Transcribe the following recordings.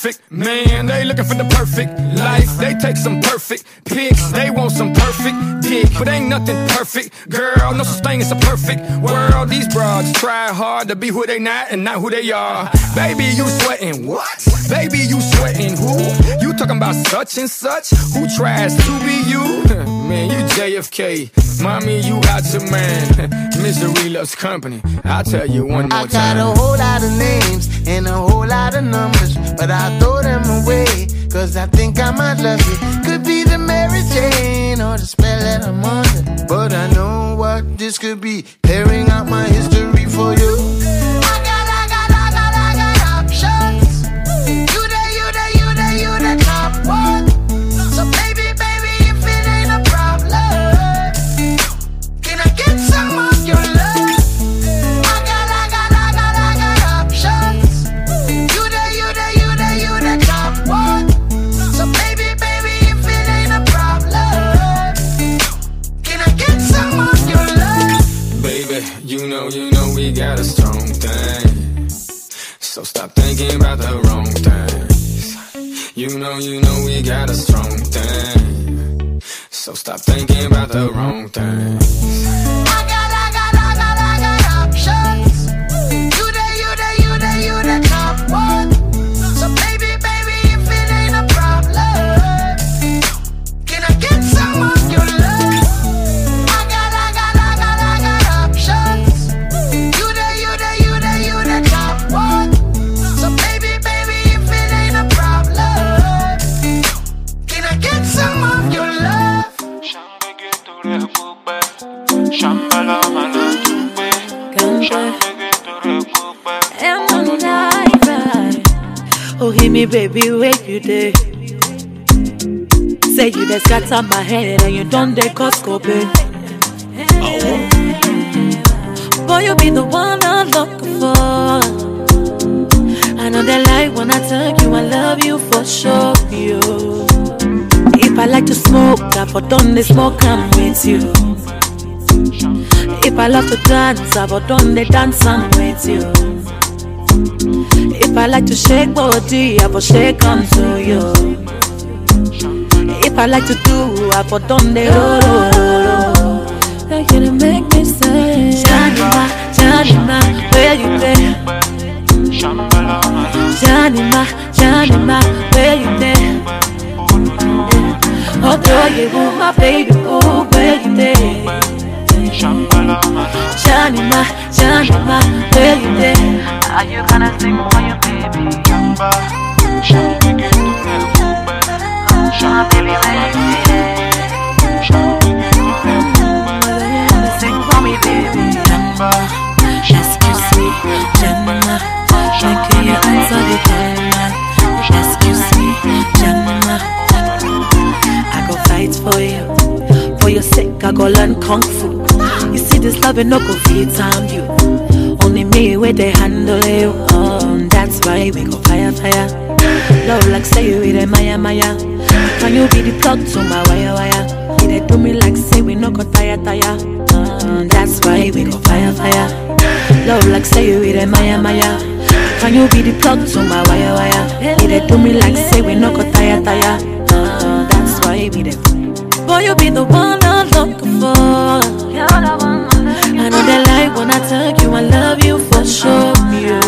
perfect man. They looking for the perfect life. They take some perfect pics. They want some perfect dick, but ain't nothing perfect. Girl, no such thing as a perfect world. These broads try hard to be who they not and not who they are. Baby, you sweating what? Baby, you sweating who? You talking about such and such? Who tries to be you? man, you JFK. Mommy, you got your man. Misery loves company. I'll tell you one more time. I got a whole lot of names and a whole lot of numbers, but I throw them away. Cause I think I might love you. Could be the Mary Jane or the spell that I'm under. But I know what this could be. Tearing out my history. Stop thinking about the wrong things. You know, you know we got a strong thing. So stop thinking about the wrong things. Oh, hear me, baby, where you there? Say you just on my head and you done the cause coping. Boy, you be the one I'm looking for. I know that light when I tell you I love you for sure, you. If I like to smoke, I for done the smoke, I'm with you. If I love to dance, I've done the dance, I'm with you. If I like to shake body, I for shake unto you. If I like to do, I for done the roro. Now going to make me say, Janima, Janima, where you there? Janima, Janima, where you there? Oh, throw you, my baby, oh, where you there? Shambhala Shanima, Shanima, where you there? Are you gonna sing for your baby? Yamba, Shanima, baby, for baby Make I go fight for you For your sake, I go learn Kung Fu you see this love and no go fit time you. Only me where they handle you. Um, that's why we go fire fire. Love like say you with a maya maya. Can you be the plug to my wire wire? They do me like say we no go tire tire. Um, that's why we go fire fire. Love like say you with a maya maya. Can you be the plug to my wire wire? It do me like say we no go tire tire. Uh, that's why we the boy, you be the one I'm looking for. I know they like when I tell you I love you for sure. You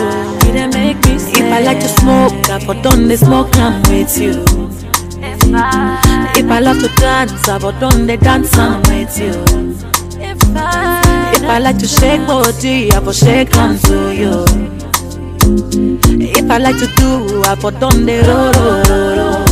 didn't make me sad. If I like to smoke, I put on the smoke, I'm with you. If I love to dance, I put on the dance, I'm with you. If I like to shake body, I will shake hands to you. If I like to do, I put on the roll roll roll.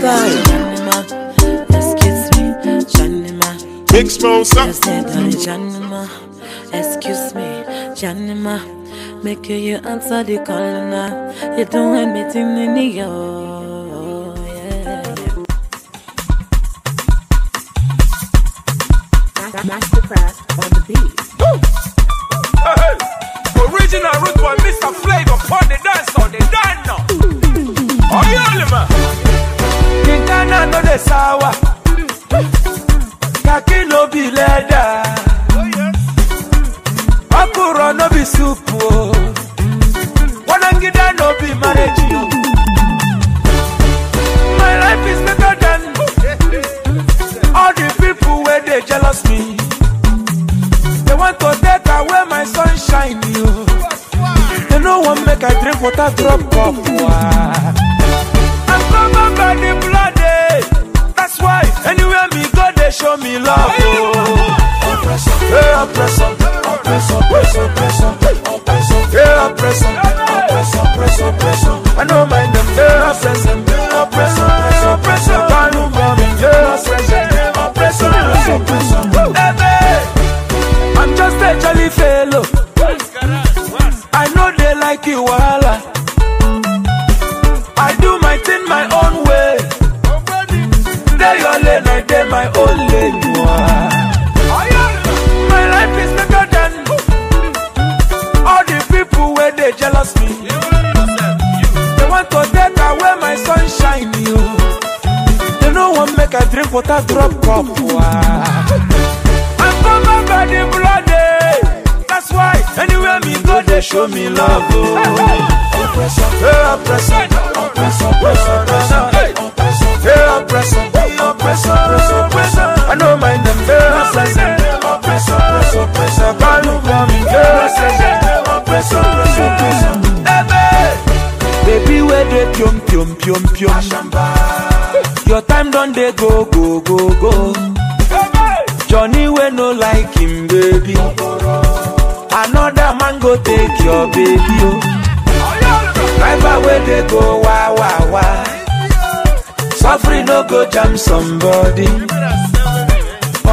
Excuse me, Janima. Big Excuse me, Make you, you answer the call now. You're doing me to in the yard. Masterclass the hey. Original root one, Mr. Flavor, on the dance, on the dance Are you no dey sour. Kaki no be leather. Okuro no be soup o. Oh. Wanangida no be marriage o. Oh. My life is better than all the people wey dey jealous me. They want to take away my sunshine o. Oh. They no wan make I drink water drop cup. I'm covered by the blood. why anywhere me go, they show me love. Oh. Oppressor, yeah, oppressor, oppressor, oppressor, oppressor, yeah, oppressor, oppressor, oppressor, oppressor. I know my name, yeah, oppressor, oppressor, oppressor, oppressor. Can't move on, yeah, oppressor, oppressor, oppressor. my only you My life is bigger than all the people where they jealous me. They want to take away my sunshine, you. They no one make I drink water drop cup. I'm from my the blood. That's why anywhere me go, they show me love. Oh. Oppressor, oppressor, oppressor, oppressor, oppressor, oppressor, oppressor. oppressor, oppressor. I don't mind them girls. Oppressor, oppressor, oppressor. God look for me girls. Oppressor, oppressor. Baby, where they pium pium pium pium. Your time done, they go go go go. Johnny, we no like him, baby. Another man go take your baby. Oh. go jam somebody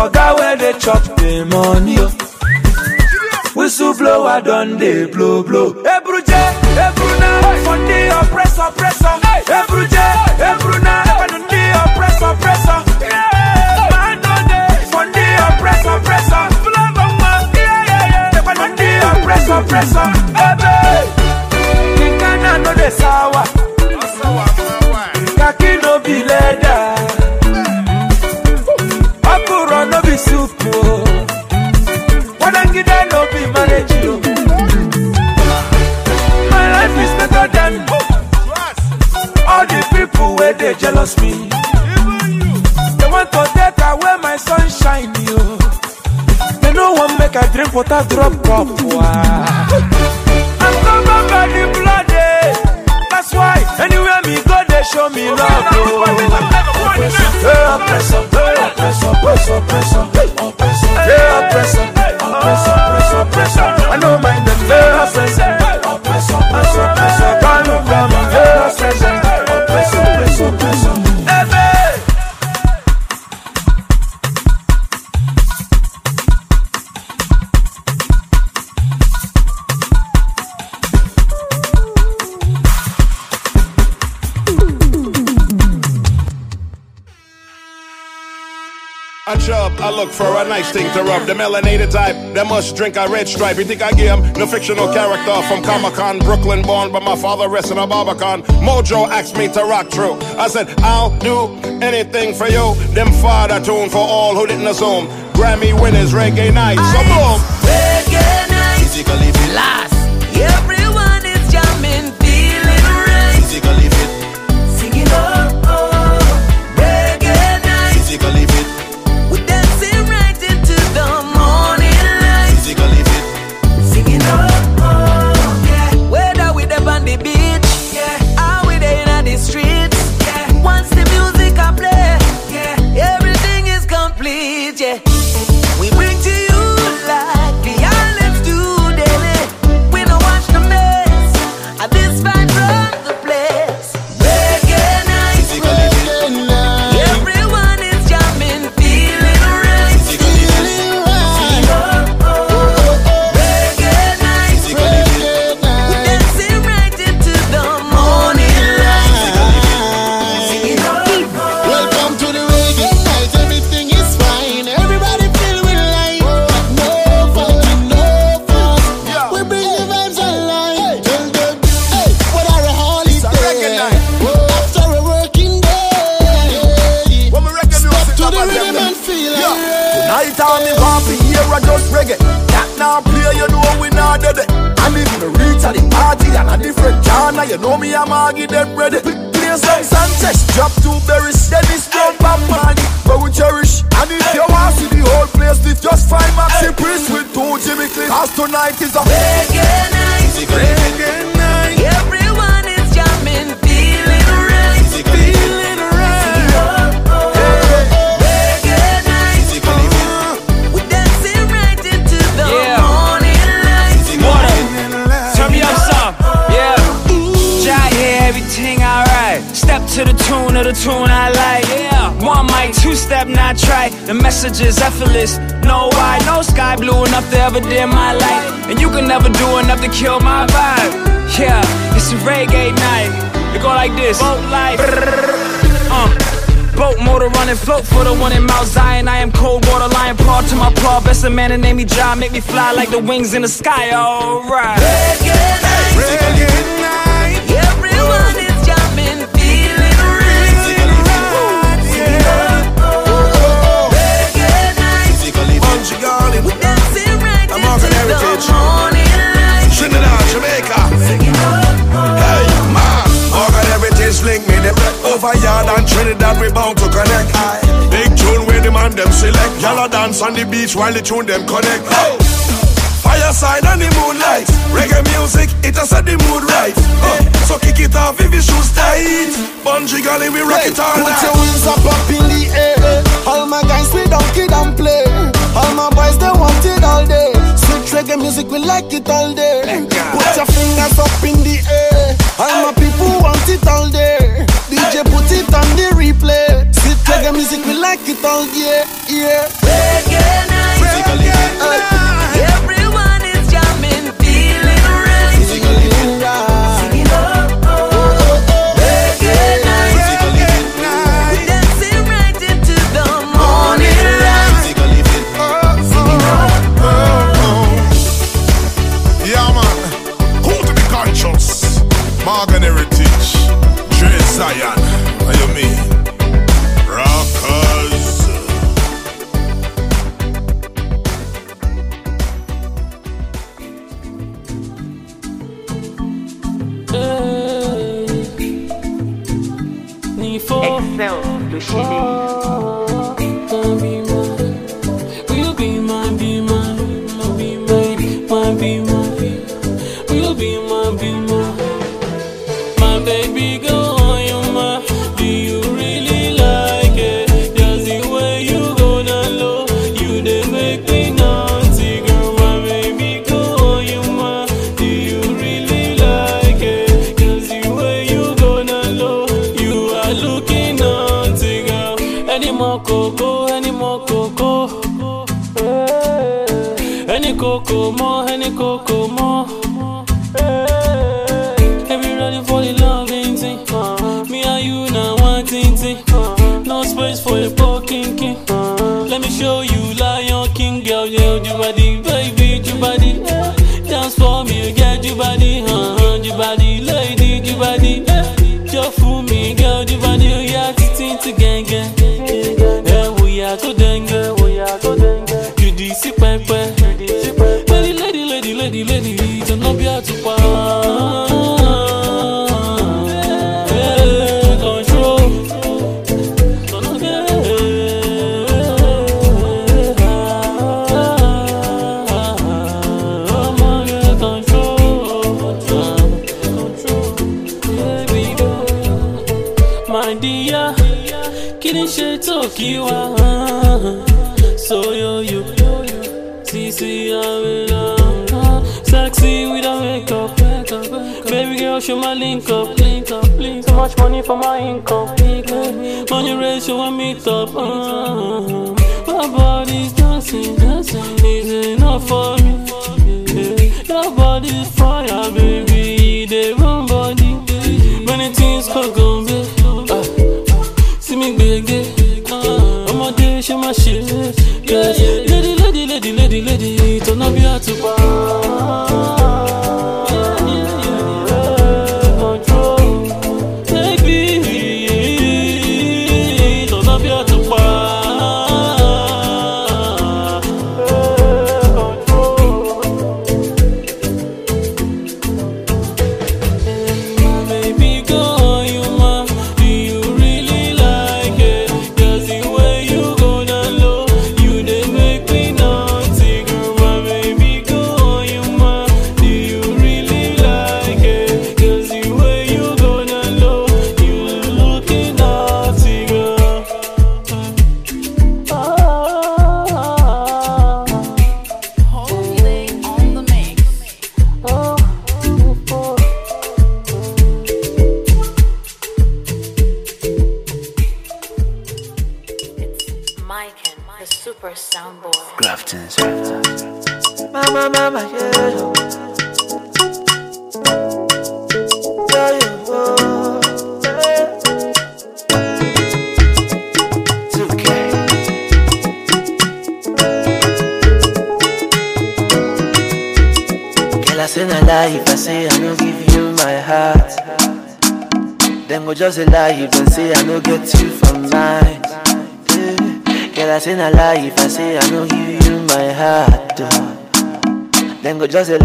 oga where they chop the money o oh. whistle blower done dey blow blow Every day, every night, for the oppressor oppressor Every day, ebruje ebruna for the oppressor oppressor man no dey for the oppressor oppressor. Oppressor, oppressor. leather. Apuro no be soup o. Oh. Wadangida no be marriage o. Oh. My life is better than all the people where they jealous me. They want to take away my sunshine, yo. Oh. They no want make I drink water drop cup. Wow. show me love. Oh. Yeah, press up, yeah, press up, press up, press up, press up, yeah, press up, press up, press up, press up. I know my them, yeah, look for a nice thing to rub. The melanated type that must drink a red stripe. You think I give him no fictional character from Comic Con, Brooklyn born, but my father rests in a barbican. Mojo asked me to rock true. I said, I'll do anything for you. Them father tune for all who didn't assume. Grammy winners, reggae nights. So boom! Reggae nights. Physically, last. twist. Cause tonight is a reggae night. Is reggae night. Everyone is jumping, feeling right. feeling right. Oh, reggae night. uh, We're dancing right into the yeah. morning light. morning light. Turn me up some. Yeah. Ooh. Jai, yeah, everything alright. Step to the tune of the tune I like. Yeah. One mic, two step, not try. The message is effortless. No sky blue enough to ever dim my light. And you can never do enough to kill my vibe. Yeah, it's a reggae night. It go like this. Boat life. Uh. Boat motor running, float for the one in Mount Zion. I am cold water lion, paw to my paw. Best a man and name me John. Make me fly like the wings in the sky. Alright. Reggae night. Reggae night. Fire and Trinidad, we bound to connect. Aye. Big tune where the man them select. Y'all dance on the beach while the tune them connect. Hey. Fireside and the moonlight. Reggae music, it has set the mood right. Uh, so kick it off if your shoes tight. Bungee gully, we rock hey, it all Put night. your wings up, up in the air. All my guys, we don't kid and play. All my boys, they want it all day. Sweet reggae music, we like it all day. Put your fingers up in the air. All my people want it all day. DJ put it on the replay. Sit reggae music, we like it all year, yeah. Reggae night, Physically. Reggae Everyone is jamming, feeling right. Physically. Singing oh oh oh oh. Reggae night, We dancing right into the morning light. Physically. Oh, singing oh oh oh. Yeah man, who to be conscious? Morgan Heritage. Zion. céu do Chile. ṣe tòkí wá sóyóyó sísí àwìlà sexy without makeup baby girl show my link up so much money for my income money ratio I meet up uh, my body's dancing dancing is enough for me your body's fire baby dey run body many things go go. my shit. Cause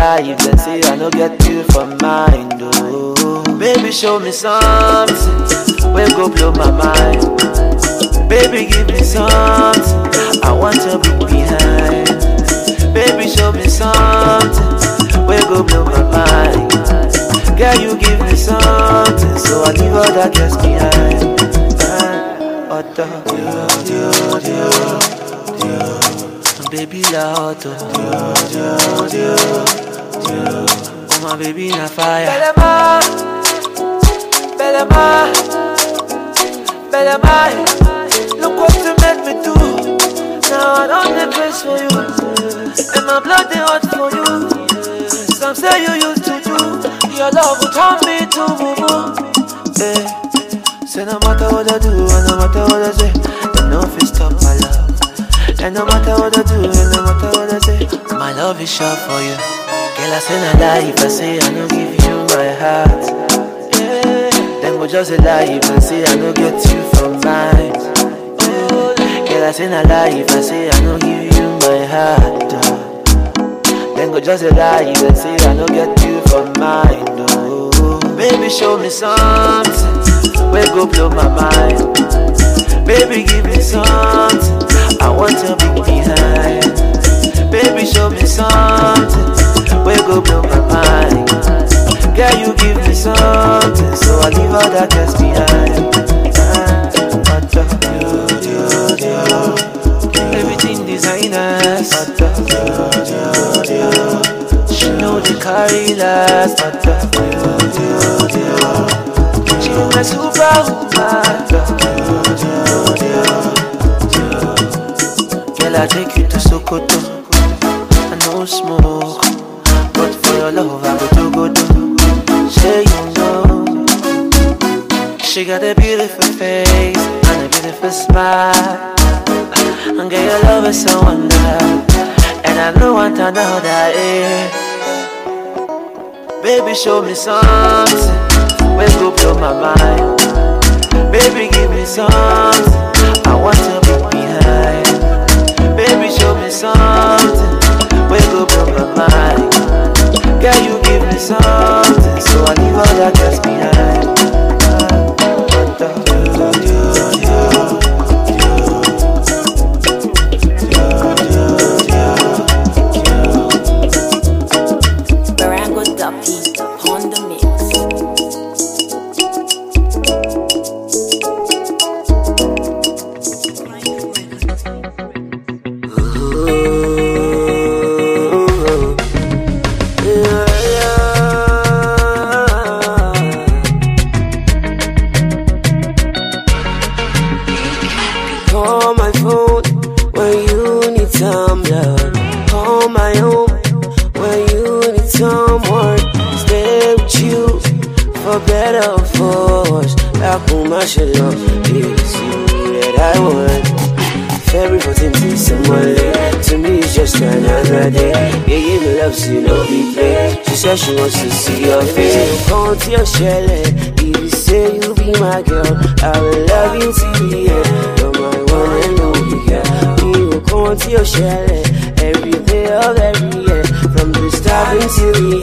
life. They say I no get you for mine, oh. Baby, show me something, we go blow my mind. Baby, give me something, I want to be behind. Baby, show me something, we go blow my mind. Girl, you give me something, so I leave all that gets behind. Oh, ah, duh. Baby, la auto. Oh my baby, na fire. Belema, Belema, Belema. Look what you made me do. Now I don't need place for you, and my blood is hot for you. Some say you used to do. Your love will turn me to boo hey. Eh. Say no matter what I do, and no matter what I say, they know if stop my love. And no matter what I do, and no matter what I say, my love is sure for you. Girl, I say I lie if I say I no give you my heart. Then go just a lie if I say I no get you from mine. Girl, I say I lie if I say I no give you my heart. Then go just a lie if I say I no get you from mine. Oh. Baby, show me something. Where go blow my mind. Baby, give me something. I want to be behind. other girls behind. Everything She know carry She Girl, I take you to Sokoto. know that, Baby, show me something. Wake up, blow my mind. Baby, give me something. I want to be behind. Baby, show me something. Wake up, blow my mind. Girl, you give me something. So I leave all that gets behind. want to see your face. Come to your shell, if you say you be my girl, I will love you till the end. You're my one and only girl. We will come to your shell every day of every year, from the start until the end.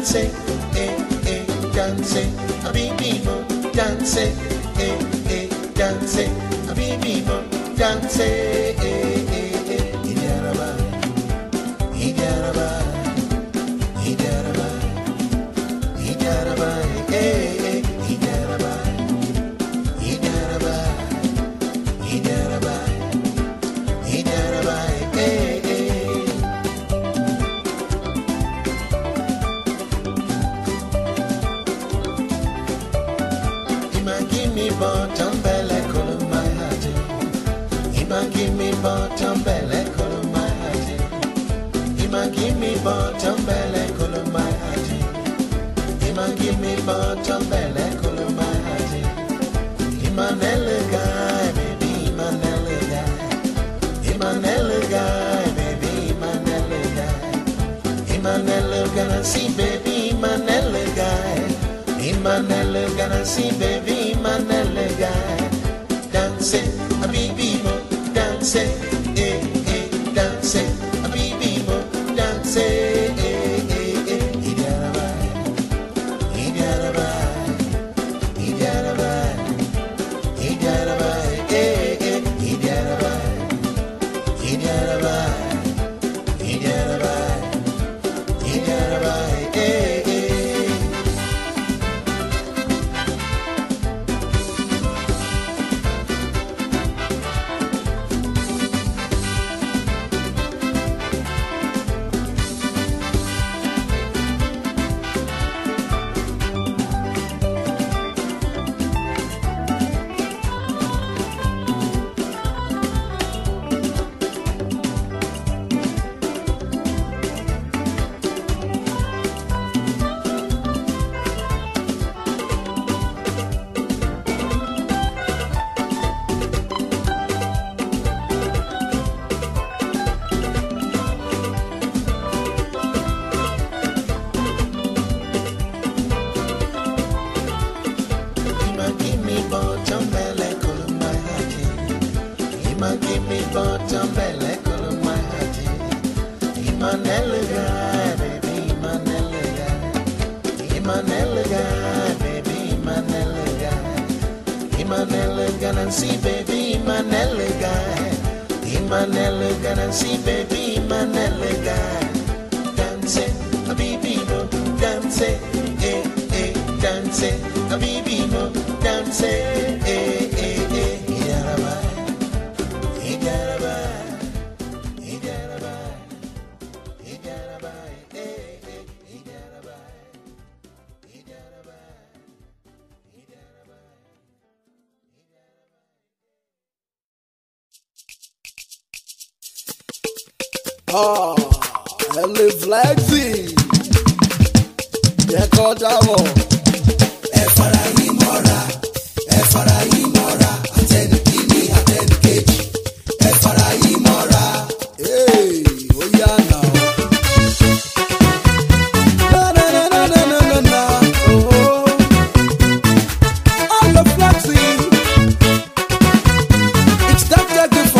dance, eh, eh, dance, a mí mismo, dance.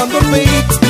quando vi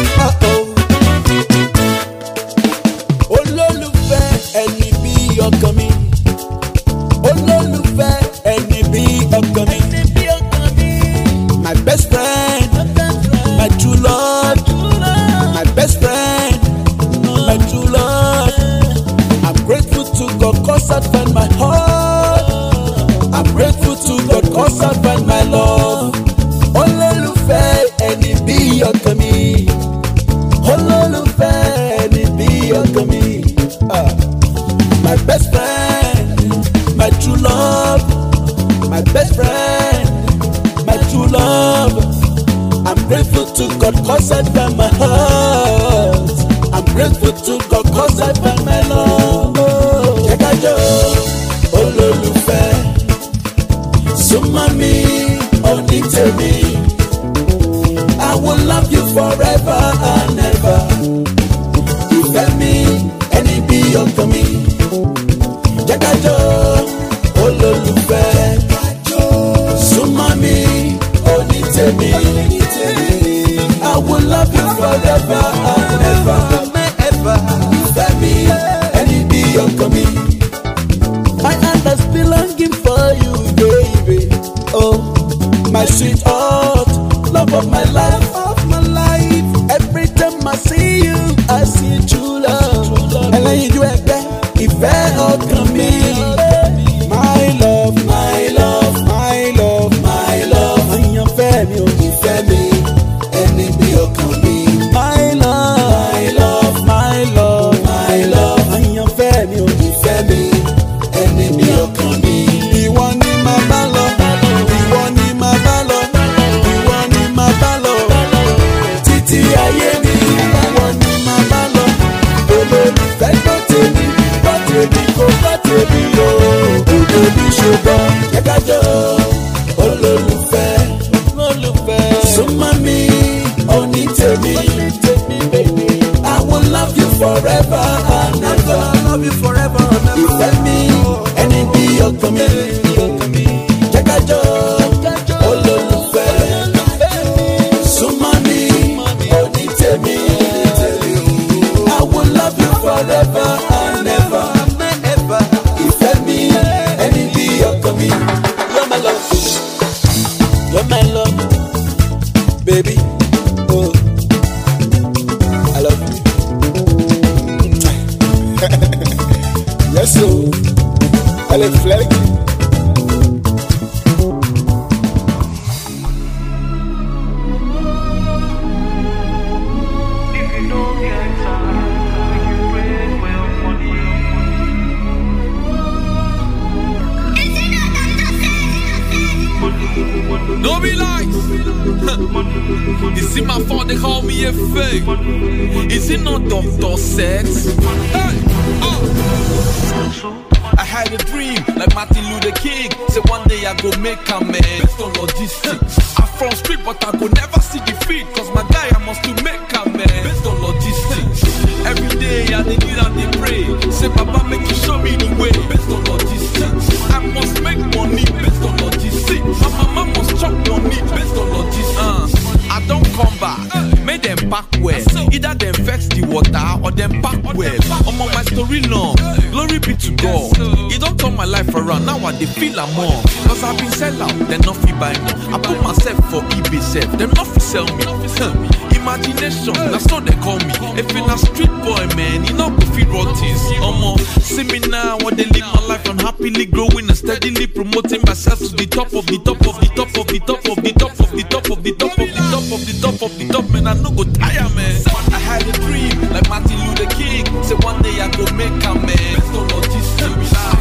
make them pack well. Either them vex the water or them pack well. I'm on my story long. Glory be to God. It don't turn my life around. Now I dey feel am more. Cause I've been sell out, then nothing buy now. I put myself for eBay self, them nothing sell me imagination. That's not they call me. If you're a street boy, man, you know, if you rot this. Um, see me now, what they live my life unhappily growing and steadily promoting myself to the top of the top of the top of the top of the top of the top of the top of the top of the top of the top, man. I no go tire, man. I had a dream, like Martin Luther King. Say one day I go make a man.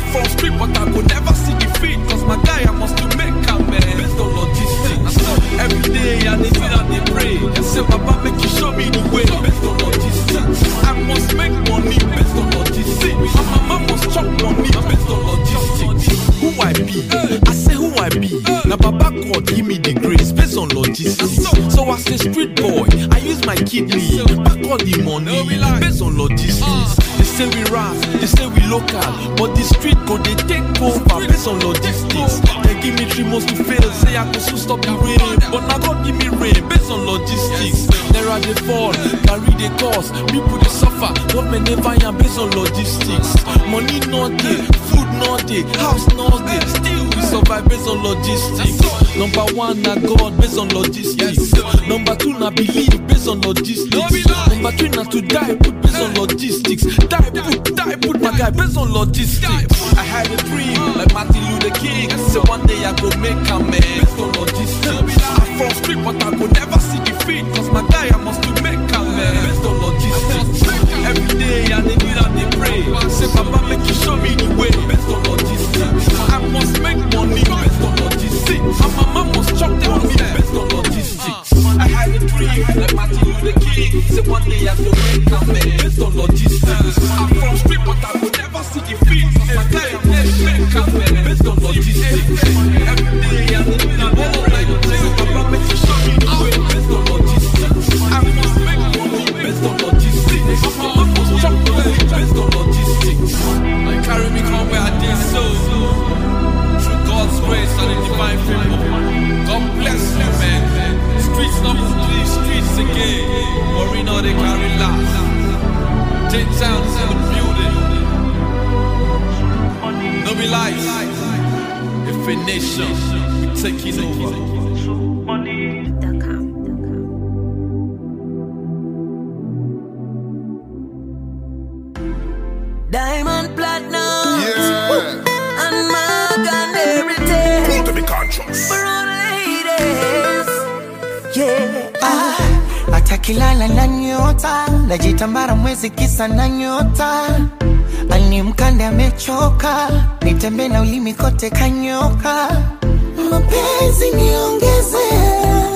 From street, but I could never see defeat. Cause my guy, I must to make a man. Based on logistics. Every day I need way. say, Papa, make you show me the way. Based on all these things, I must make money. Based on all these things, my mama must chop money. Based on all these things, who I be? I say who I be. Now, Papa God give me the grace based on logistics. So as a street boy, I use my kidney. Back on the money based on logistics. say we rap, they say we local, but the street go they take over based on logistics. They give me three months to fail, say I go soon stop the rain, but now God give me rain based on logistics. There are the fall, carry the cost, people they suffer, government never am based on logistics. Money not there, food not there, house not there, still we survive based on logistics. Number one, na God based on logistics. Number two, na believe based on logistics. Number three, na to die put based on logistics. Die put, die put, my guy based on logistics. I had a dream uh. like Martin Luther King. said one day I go make a man based on logistics. I from street, but I could never see defeat. Cause my guy, I must to make a man based on logistics. Every day I need it, I need pray. Say, Papa, make you show me the way based on logistics. I must make money it. And my mom was shocked, they want me the on logistics. I had a dream, like Martin the King. Say one day I will to I'm man. Based on logistics. I'm from street, but I would never see the feet. My guy, I'm the best on logistics. Every day I live in a Or we know they carry lots. Take town, sound building. No be lies. If a we take it over. najitambara mwezi kisa na nyota ani mkande amechoka nitembe na ulimi kote kanyoka mapenzi niongezea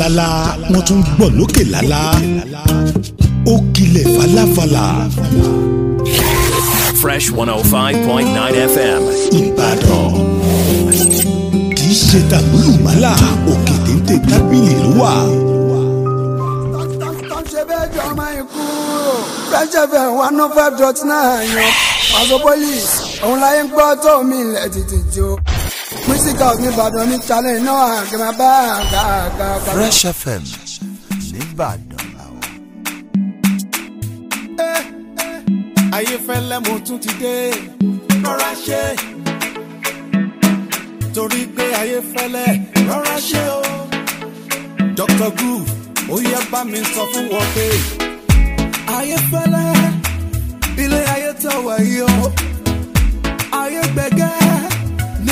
lálá wọ́n tún gbọ́ lókè lálá ó kilẹ̀ falafala. Fresh one oh five point nine FM. Ìbàdàn kì í ṣe tàbúlùmọ́lá òkè téńté tábìlì ló wà. Fresh FM one oh five dot nine yan Paso Police òun láyé ń gbọ́ tó mi ilẹ̀ tètè sọ́dọ̀ mi Ìbàdàn ní talẹ̀ náà àgbà bá àgbà àgbà. Fresh FM nìbàdàn làwọn. ayéfẹ́lẹ́ mo tún ti dé rọra ṣe torí pé ayéfẹ́lẹ́ rọra ṣe o Dr. Groove ó yẹ bá mi sọ fún wọn pé ayéfẹ́lẹ́ ilé ayé tó wà yìí o ayé gbẹ̀gẹ́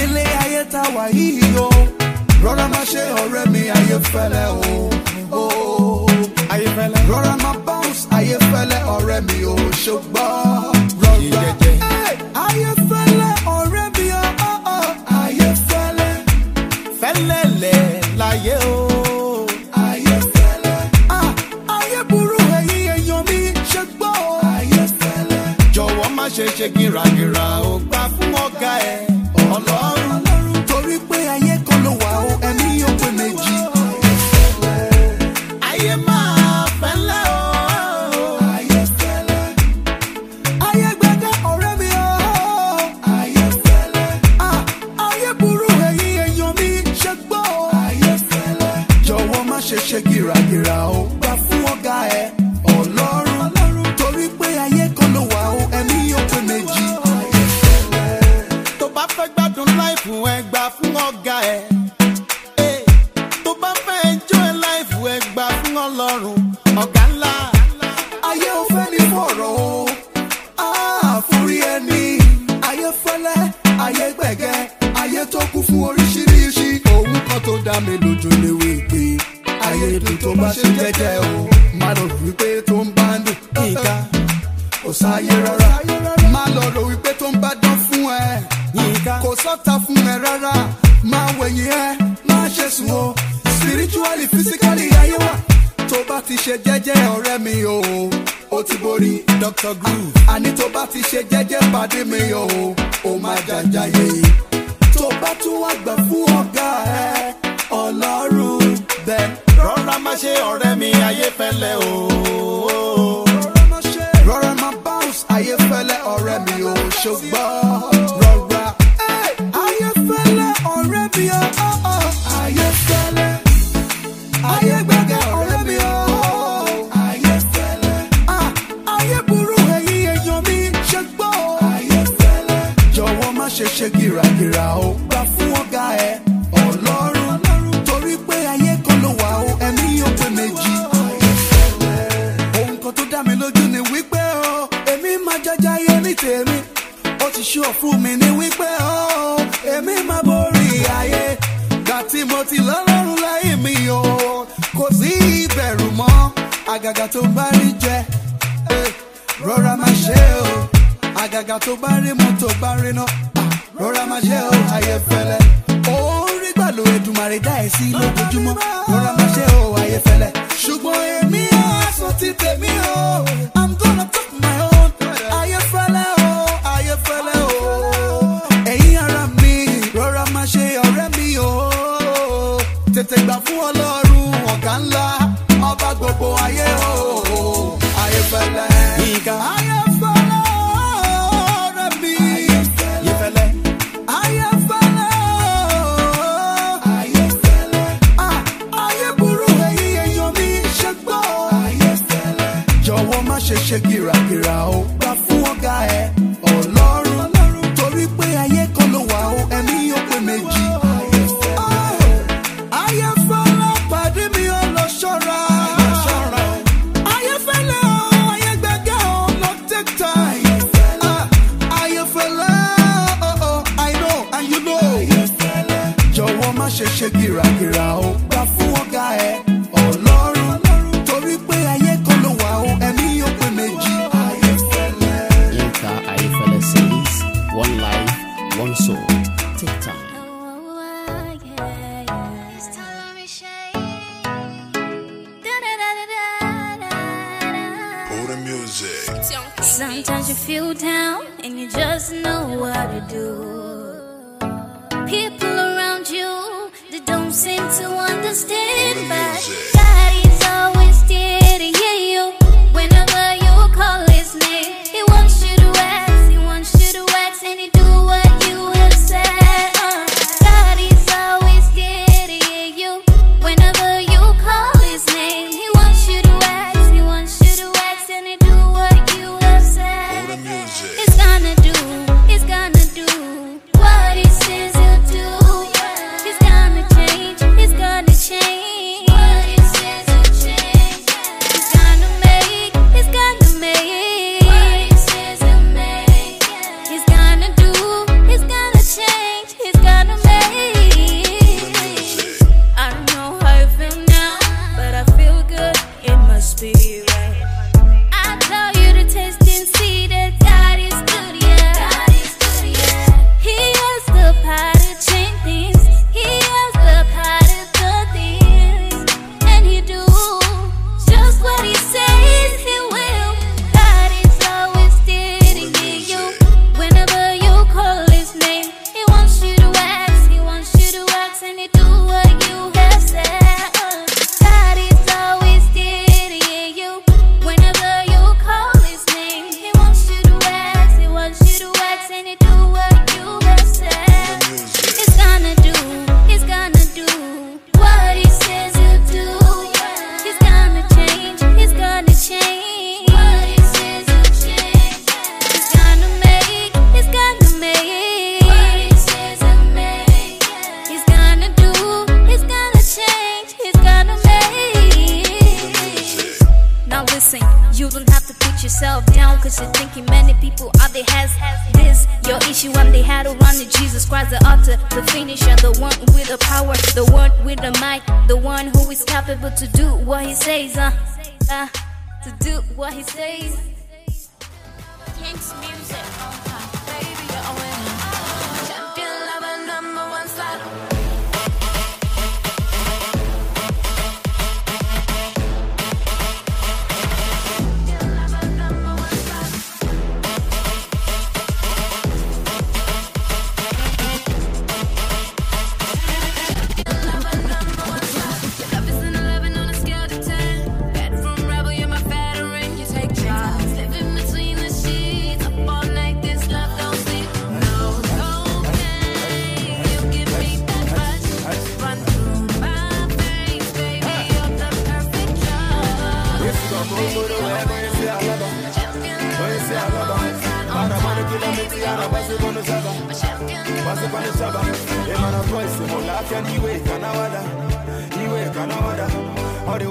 nílé ayé tá wà yìí o rọra máa ṣe ọ̀rẹ́ mi ayé fẹ́lẹ́ o oh, ayé fẹ́lẹ́ rọra máa bounce ayé fẹ́lẹ́ ọ̀rẹ́ mi o ṣùgbọ́n rọra ayé fẹ́lẹ́ ọ̀rẹ́ mi o ayé fẹ́lẹ́ fẹ́lẹ́ lẹ̀ láyé o. Ah, ṣe ṣe gíragira o.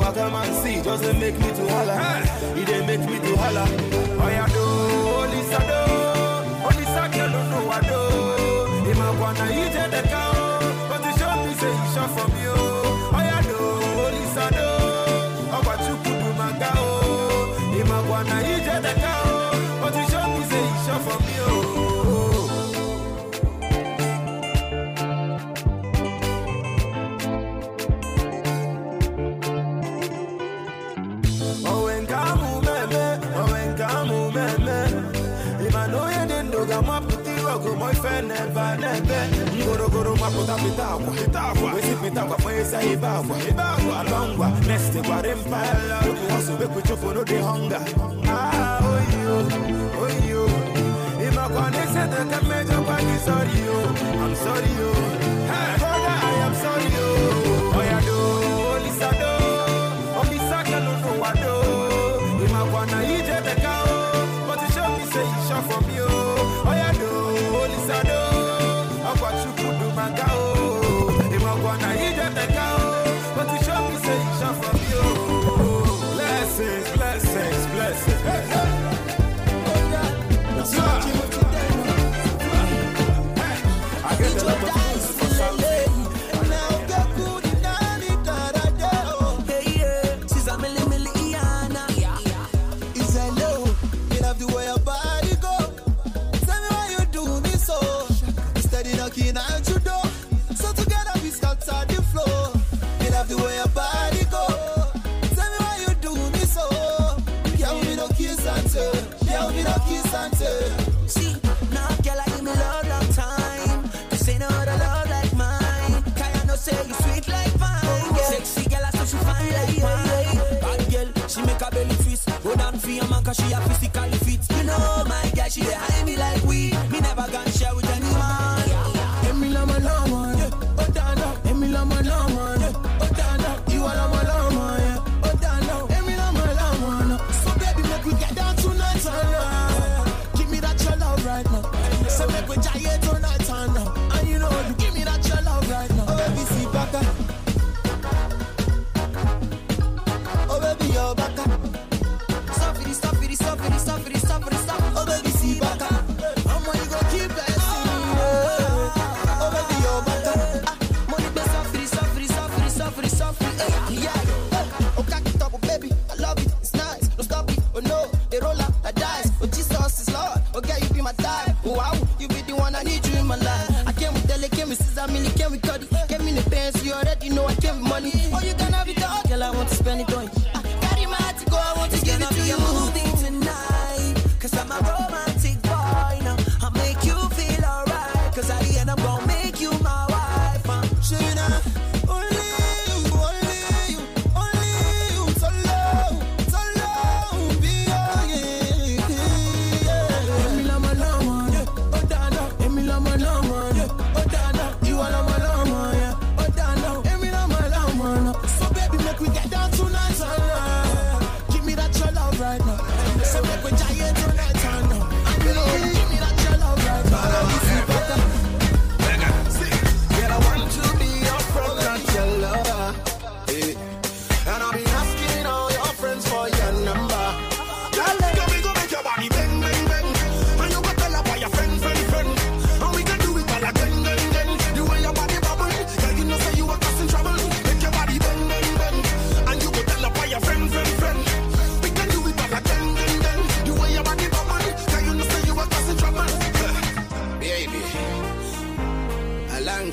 waka man see, just make me to holler. It Hey. not make me to holler. Oh, I'm sorry yo brother I am sorry yo oya do olisado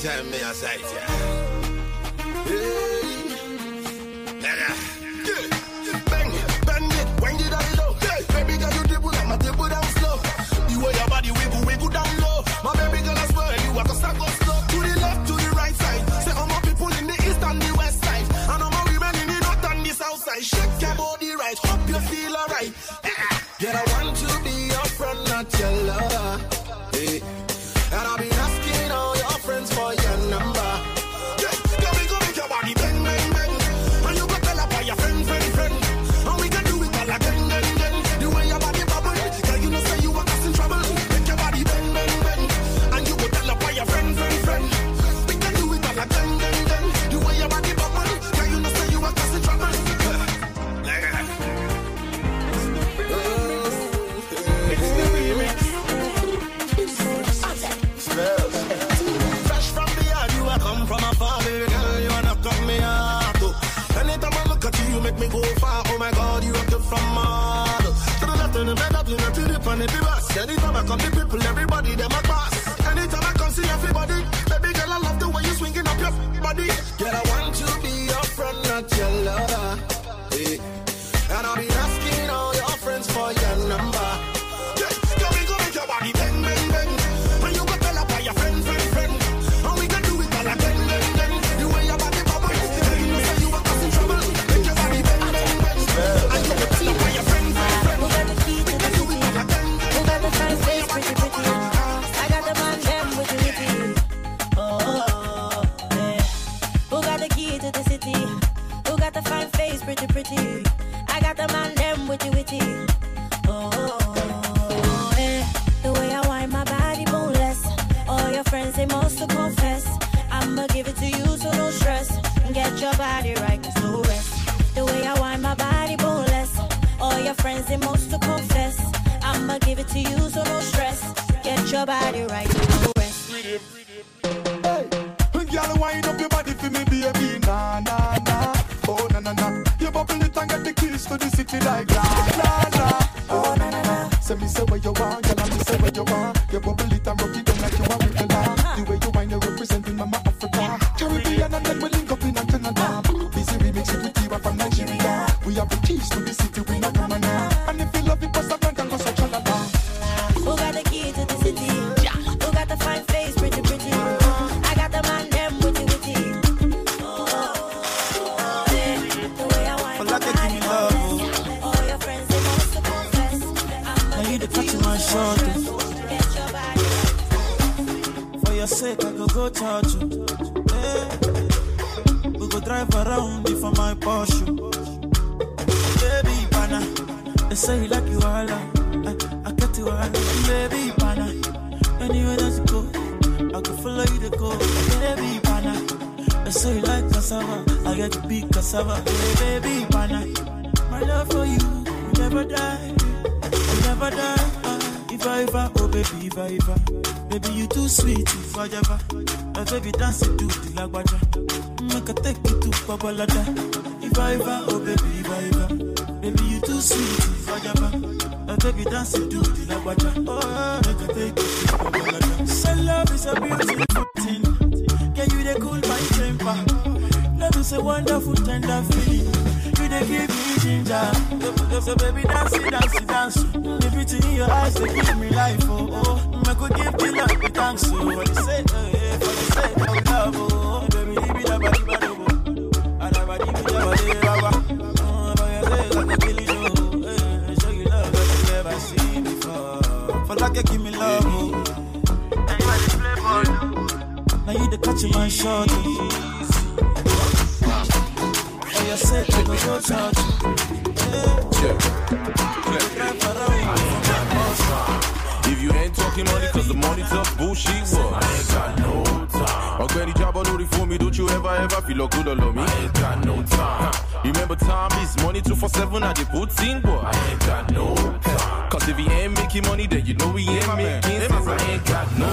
Long time me a sight Iva, oh baby Iva Baby you too sweet, you fajava. My baby dance to the lagwaja. Make I take you to Babalada. Iva Iva, oh baby Iva Baby you too sweet, you fajava. My baby dance to the lagwaja. Oh, make I take you to Babalada. Say love is a beautiful thing. Can you the cool my temper? Love is a wonderful tender feeling they give me ginger. So baby, dance it, dance it, dance. The beauty in your eyes, they give me life, oh, oh. I could give the love, the thanks, oh. For the sake, oh, yeah, for you. sake of love, oh. Baby, leave it up, body, body, oh. And I'm body, body, body, baba. For like you give me love, oh. Now you the catch my shot, you're sick, we gon' touch you. If you ain't talking money, cause the money talk bullshit, what? I ain't got no time. Or granny job, on for me. Don't you ever, ever feel like good on me? I ain't got no time. Remember, time is money 247. I did put in, boy. I ain't got no time. Cause if he ain't making money, then you know he ain't making sense. I ain't got no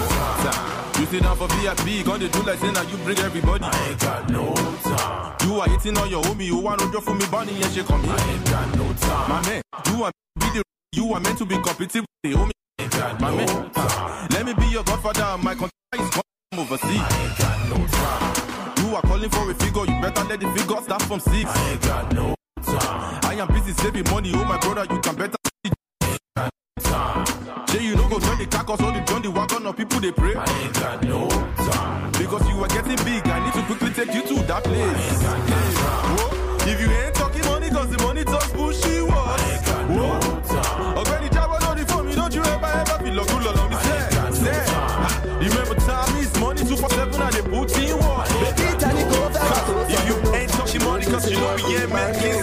time. You sit down for VIP, gonna do like saying that you bring everybody. I ain't got no time. You are hitting on your homie, you want to drop for me, Bonnie, and she come here. I ain't got no time. My man, you are be the, you are meant to be competitive with the homie. I ain't got My no man. time. Let me be your godfather, my contact is gone from overseas. I ain't got no time. You are calling for a figure, you better let the figure start from six. I ain't got no time. I am busy saving money, oh my brother, you can better. I ain't got no time. Say you no go join the crackers on the join the wagon of people they pray. I ain't got no time. Because you are getting big, I need to quickly take you to that place. I ain't got no time. Whoa. If you ain't talking money, cause the money talks bushy was. I ain't got Whoa. no time. Already job on the phone, you don't you ever ever feel like good along the set. Remember time is money, two seven, and they put in one. If you ain't talking money, cause you know we ain't making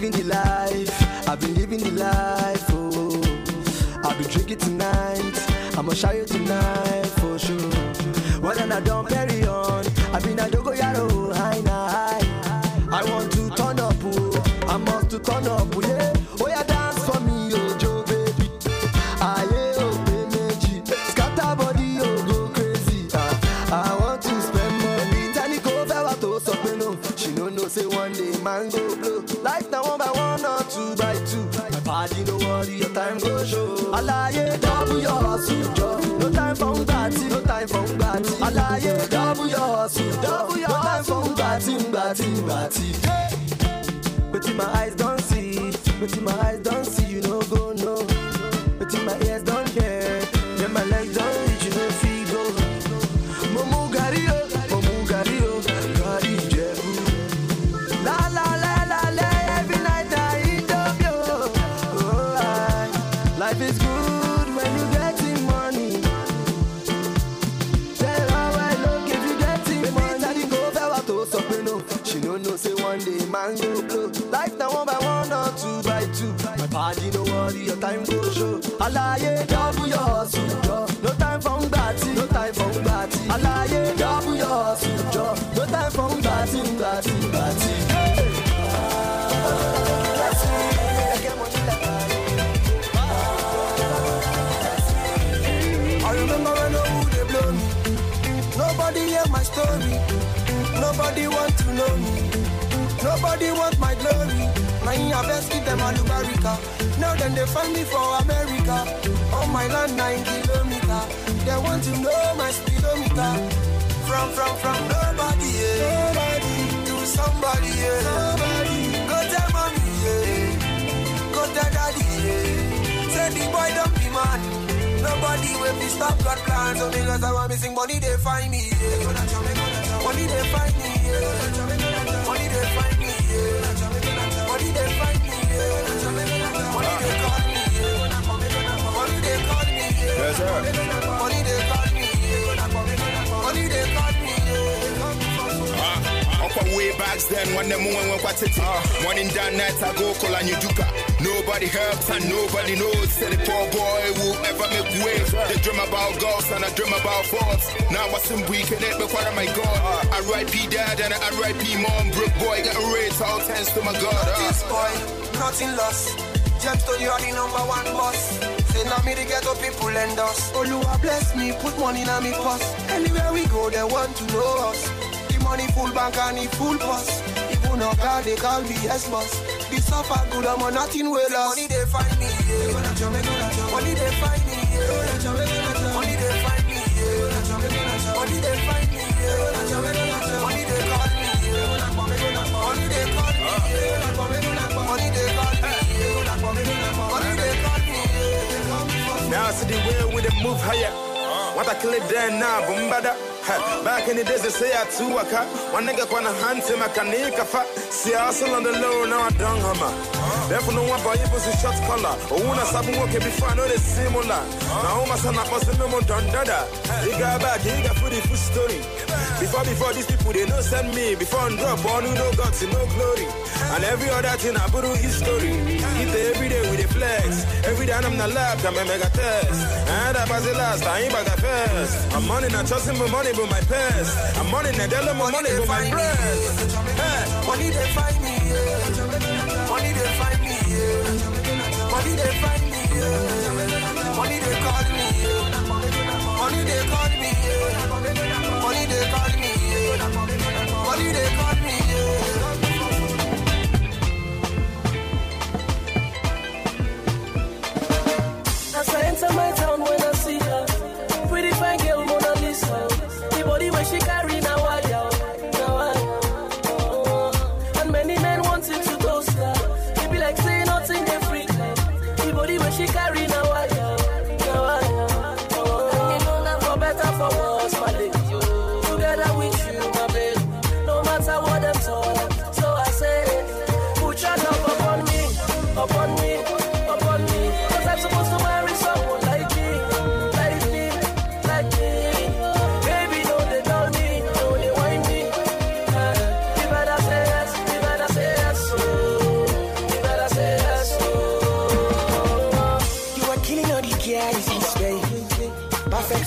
living the life. I've been living the life. Oh, i will be drinking tonight. I'ma show you tonight for sure. Well, I don't carry on. I've been, I don't time go show. aláyé double your hustle jọ no time for ngbàtí no time for ngbàtí. aláyé double your hustle jọ no time for ngbàtí ngbàtí ngbàtí. wetin my eyes don see wetin my eyes don. mango blow. Life now one by one or two by two. My party, no worry, your time go show. Alaye, double your hustle, No time for batty, no time for batty. Alaye, double your hustle, No time for batty, batty, batty. I remember when the blow me. Nobody hear my story. Nobody want to know me. Nobody wants my glory. My harvest give them alubarika. Now then they find me for America. On my land nine kilometer. They want to know my speedometer. From from from nobody, yeah. nobody to somebody, yeah. somebody. Go tell mommy, yeah. Go tell daddy, yeah. Say the boy don't be mad. Nobody will be stop God plans. So because I want missing money, they find me, yeah. Money they find me, yeah. Yes, sir. proper way back then when ah. the moon went quantity. Uh, in that night I go call on you duka. Nobody helps and nobody knows. Say the poor boy will ever make waves. They dream about girls and I dream about thoughts. Now I seem weak and it before I god. Ah. I write P dad and I write P mom. Brook boy a raised all thanks to my god. Uh. This boy, nothing lost. Jump to you the number one boss. Say now me the ghetto people lend us. Oh, are bless me, put money in me purse. Anywhere we go, they want to know us money full bank and it full If you a guy they call me yes boss. This suffer good, I'm on nothing well us. Money they find me, yeah. Money they find me, yeah. Money they find me, yeah. Money they find me, yeah. Money they call me, yeah. Money they call me, yeah. Money they call me, yeah. Money they call me, yeah. Now I see the way we they move higher. Want to kill it there now, boom, bada back in the days they say I too a cat. One nigga wanna hunt him, I can make a fat. See I hustle on the low, now I don't hammer. Therefore no one buy you pussy shot color. Oh, when I stop walking before I know they similar. Ah. Now my son I must remember done dada. He got back, he got pretty full story. Before, before these people, they no send me. Before I'm drop, all who no guts and no glory. And every other thing I put on history. Eat every day with a flex. Every day I'm not left, I'm a mega test. And I pass to last, I ain't back at first. I'm money, not trusting my money, but my purse. I'm money, not telling my money, but my breath. Hey, money, they find me, yeah. Money, they find me, yeah. Money, they find me, yeah. I am somebody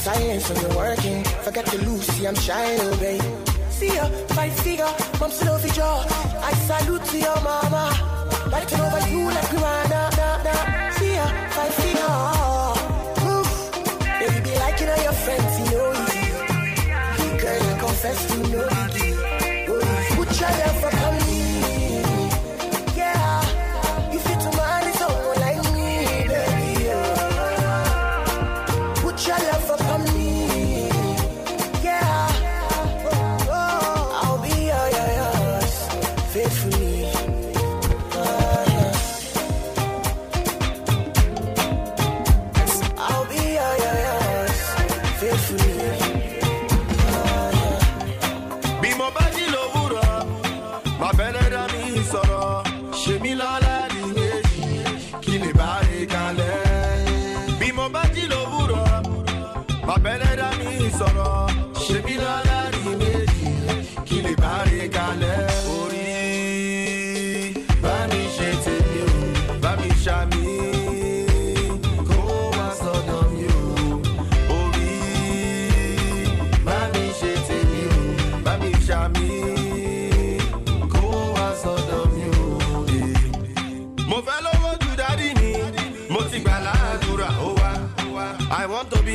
silence when you're working. Forget to Lucy, I'm shining, babe. See ya, five figure, Mom's still over jaw. I salute to your mama. Biting over you like piranha. Nah, nah. See ya, five figure. Oof. Baby, like you know your friends, you know you. Girl, I confess you know you.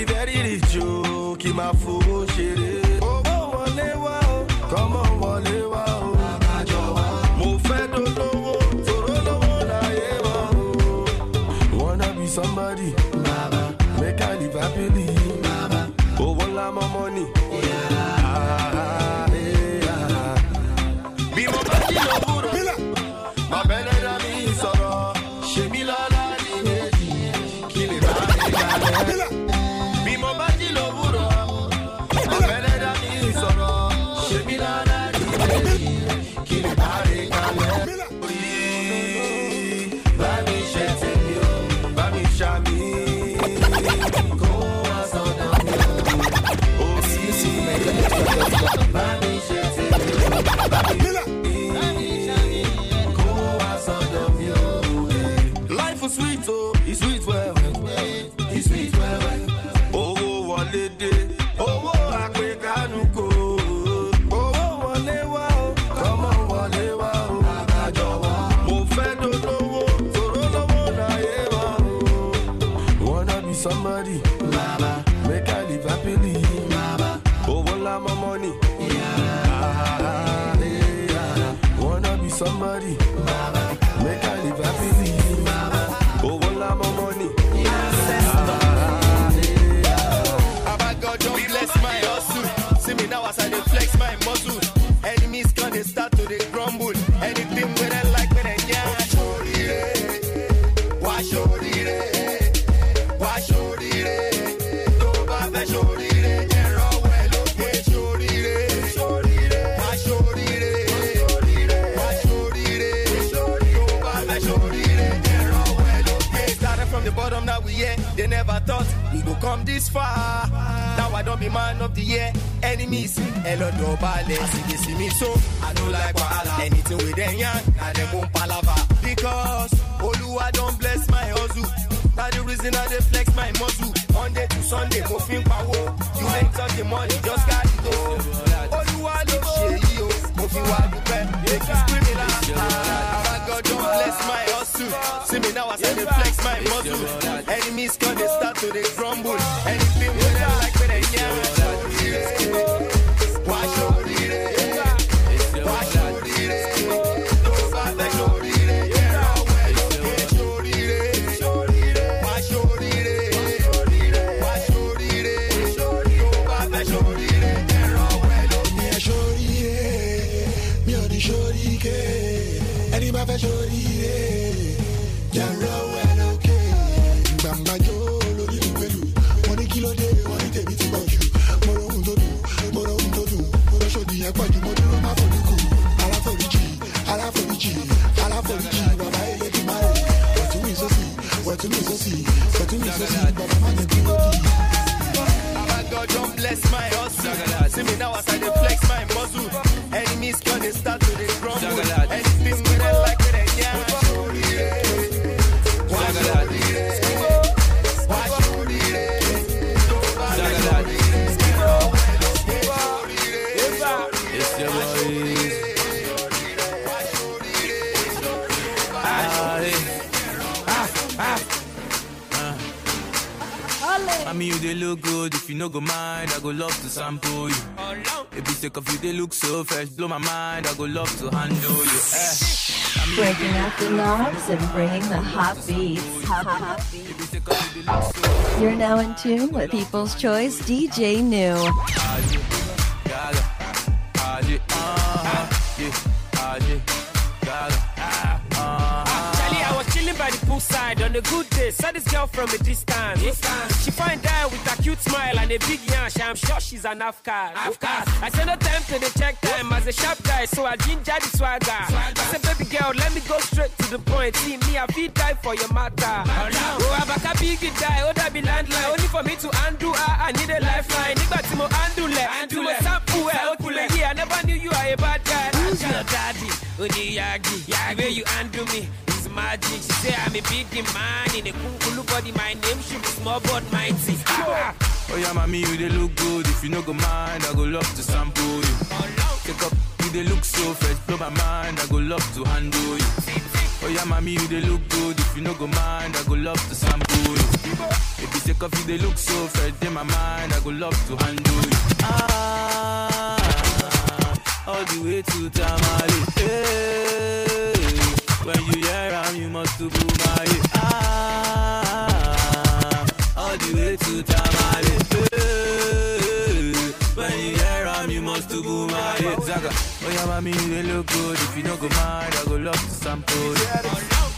it's you. Keep my Kimafo. this far. Now I don't be man of the year. Enemies, hello, do balance. As see me so, I don't like wahala. Anything with them young, now they won't palava. Because, I don't bless my hustle. Now the reason I they flex my muscle. Monday to Sunday, moving power. You ain't talking money, just got it go. Oh. Oluwa ló ṣe you o, oh. mo fi you dúpẹ́. Èkó screaming like, my God, don't bless my hustle. See me now, I say they flex my muscle. Enemies gonna stop. Take a few, they look so fresh. Blow my mind, I go love to handle you. Eh. Breaking out the knobs and bringing the hot beats. hot beats. You're now in tune with People's Choice DJ New. by the poolside on a good day. Saw this girl from a distance. distance. She find out with a cute smile and a big yash. I'm sure she's an Afghan. Afghan. I said no time to the check time as a sharp guy, so I ginger the swagger. swagger. I said, baby girl, let me go straight to the point. See me, I feel die for your matter. Oh, I a big die, oh, that be landline. Only for me to undo, I, ah, I need a lifeline. Nigga, Timo, handle it. Timo, sample it. Yeah, I never knew you are a bad guy. Who's your daddy? Oh, the Yagi. Yagi, where you undo me magic. She say I'm a big man in a cool body. My name she be small but mighty. Oh yeah, mommy, you they look good. If you no go mind, I go love to sample you. Take up, you they look so fresh. Blow my mind, I go love to handle you. Oh yeah, mommy, you they look good. If you no go mind, I go love to sample you. If you take off, you they look so fresh. In my mind, I go love to handle you. Ah, all the way to Tamale. Hey. When you hear am, you must to boo my ah, all the way to Tamale. when you hear am, you must to boo my Zaga, oh yeah, mommy, you dey look good. If you don't go mind, I go love to sample. If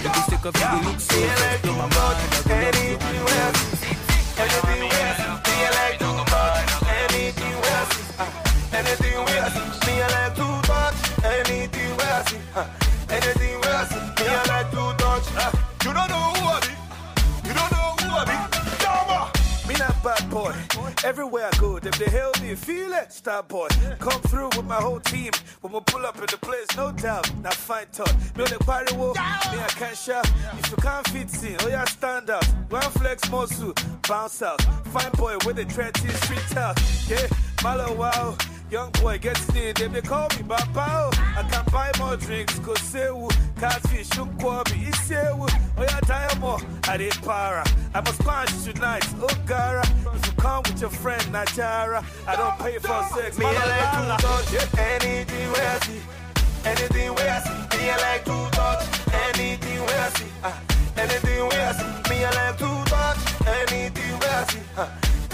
you stick up, you go look so good. Blow my mind, I go love to sample. Anything we ask, me I like to touch. Anything we ask, anything we ask, me I like to touch. Anything we ask. Anything me I like to touch. Ah, you don't know who I be. You don't know who I be. Dama. Me bad boy. Everywhere I go, if they help me, feel it. Star boy, come through with my whole team. When we pull up in the place, no doubt. Now fight talk. Me on the party wall, me a can If you can't fit in, oh yeah, stand up. One flex muscle, bounce out. Fine boy with the trendy street out. Yeah, Malo wow. Young boy get near, them they call me Baba. Oh. I can buy more drinks, cause say woo. Catfish, shook say isewu. Oh, yeah, die more. I did para. I'm a sponge tonight, oh, Gara. If you come with your friend, Najara, I don't pay for sex. Me, I like to touch anything where I see. Ah, anything where I see. Me, I like to touch anything where I see. Ah, anything where I see. Me, I like to touch anything where I see.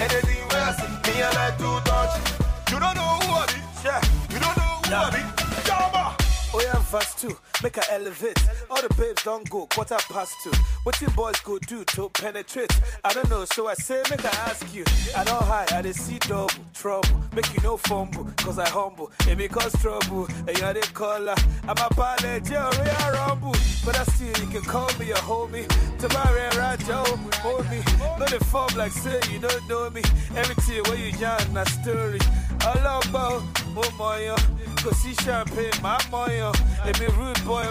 anything where I see. Me, I like to touch. You don't know who I be. Yeah. You don't know who I be. Yama. Oh yeah, verse two, make I elevate. All the babes don't go quarter past two. What you boys go do to penetrate? I don't know, so I say make I ask you. I don't hide, I don't see double trouble. Make you no fumble, cause I humble. It may cause trouble, and you're the caller. I'm a pilot, Jerry, I rumble. But I still, you can call me a homie. Tomorrow, raja, hold me. Know the form like say you don't know me. Everything where you yarn, I story. I love ọlọ́gbọ́ mo mọ̀yàn Cause sí champagne my boy. Let me rude boy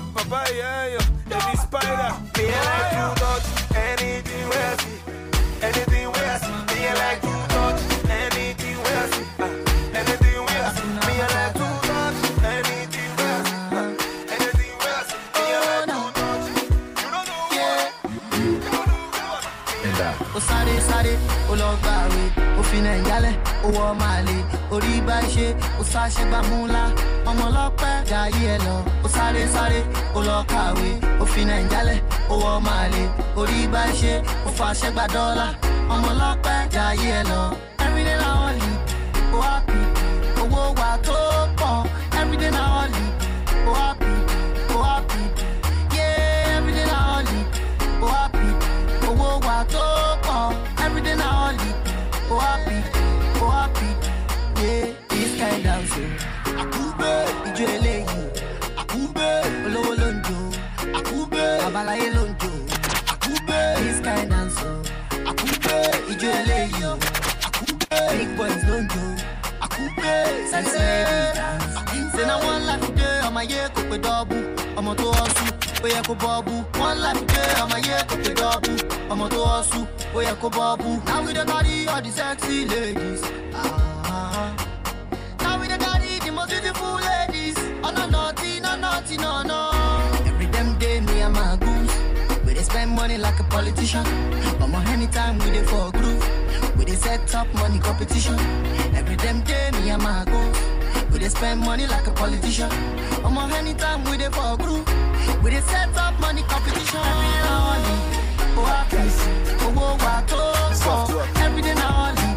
yeah, yo. Let me spider. me like you touch anything wey I see anything wey I see me like you touch anything wey I see anything wey I see me like you touch anything wey I see. Ó sáré sáré ó lọ gbà. filẹ̀ ìyálẹ̀ owó ọmọ àlè orí bá ṣe ó ṣàṣẹ bá mú ńlá ọmọ ọlọ́pẹ́ jayé ẹ lọ ó sáré sáré ó lọ kàwé ó filẹ̀ owó ọmọ àlè orí bá ṣe ó fàṣẹ gbà dọ́là ọmọ ọlọ́pẹ́ jayé ẹ lọ. everyday na only ó wá pì owó wa tó pọ̀ everyday na only. babala elonjo akube this kind answer akube ijo eleyo akube big boys don akube sese say na one life dey ọmọ ayé kò pé dọ́ọ̀bù ọmọ tó ọ̀sùn ó yẹ kó babu. one life dey ọmọ ayé kò pé dọ́ọ̀bù ọmọ tó ọ̀sùn ó yẹ kó babu. now we the daddy of the sexy ladies. ah huh now we the daddy, the most beautiful ladies No oh, ọ̀nà nọ̀tì nọ̀nà no no. money like a politician. But more anytime we dey for a groove. We dey set up money competition. Every damn day me and my go. We dey spend money like a politician. But more anytime we dey for a groove. We dey set up money competition. Every day only, oh happiness, oh oh I toast for. Every day only,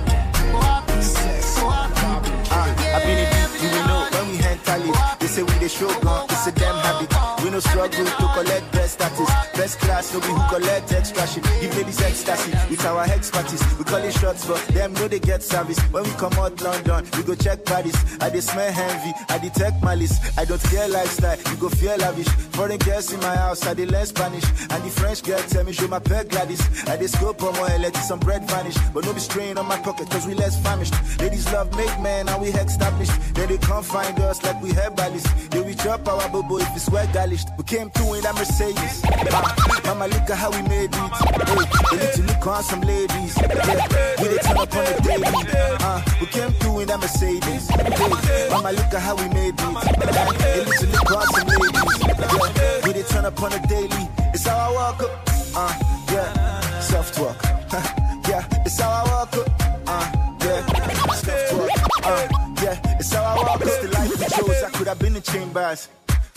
oh happiness, oh happiness. Ah, I been it, you will know when we hand tally. They say we dey show oh, oh, gun say them habit. We no struggle to collect best status. Best class, no be who collect extra shit. Give ladies ecstasy with our expertise. We call it shots, but them know they get service. When we come out London, we go check Paris. I dey smell envy, I detect malice. I don't care lifestyle, you go feel lavish. Foreign girls in my house, I dey learn Spanish. And the French girl tell me, show my pet Gladys. I dey scope on my let some bread vanish. But no be strain on my pocket, cause we less famished. Ladies love make men, and we established. Then they come find us like we have bodies. They we chop our trouble, oh if it's well galish. We came through in a Mercedes. Mama, look at how we made it. Hey, they need to look on some ladies. Yeah, we did turn up on the daily. Uh, we came through in a Mercedes. Hey, mama, look at how we made it. they need to look on some ladies. Yeah, we did turn up on the daily. It's how I walk up. Uh, yeah, soft walk. yeah, it's how I walk up. Uh, yeah, soft walk. Uh, yeah, it's how I walk. It's the life we chose. I could have been in chambers.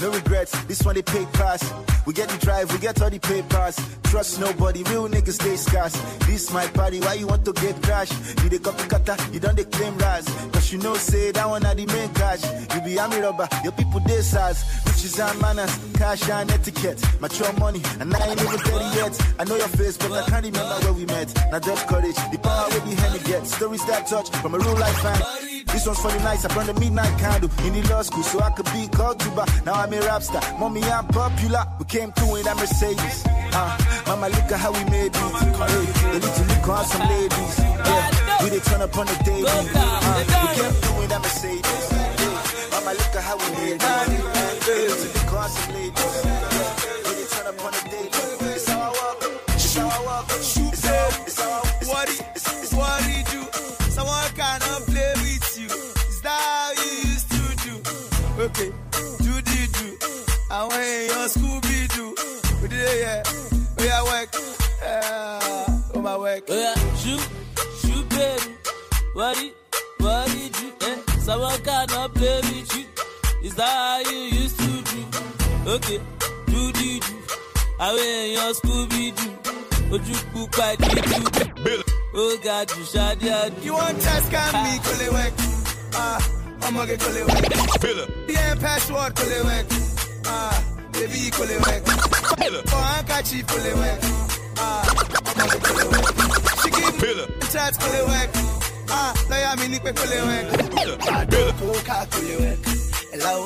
No regrets, this one they pay pass. We get the drive, we get all the papers. Trust nobody, real niggas stay scarce. This my party, why you want to get crash? You the copy cutter, you done the claim rise. Cause you know, say that one are the main cash. You be army rubber, your people they size. Riches and manners, cash and etiquette. Mature money, and I ain't even 30 yet. I know your face, but I can't remember where we met. Now just courage, the power with the hand get. Stories that touch from a real life fan. This one's for the nights. I burn the midnight candle in the law school so I could be called to by. Now I'm a rap star. Mommy, I'm popular. We came through in that Mercedes. Uh, mama, look at how we made it. Hey, they need to look on some ladies. Yeah, we they turn up on the day. Uh, we came through in that Mercedes. Yeah, mama, look at how we made it. they need to look on some ladies. Yeah, And when your school be due, we did it, yeah. We are work, yeah. Oh, my work. Oh, yeah. Shoot, shoot, baby. What it, what it, you, eh? Someone cannot play with you. Is that how you used to do? Okay, do, do, do. I wear your Scooby Doo. Would you cook by the Oh, God, you shot ya. You want to scam me, work. Ah, I'm gonna get Kulewek. Yeah, password, Kulewek. Ah, baby, you call it wet. For handkerchief, call it wet. Ah, money, call it wet. She give me chance, call it wet. Ah, lawyer, me nipe, call it wet. Adoko, car, call it wet. Hello,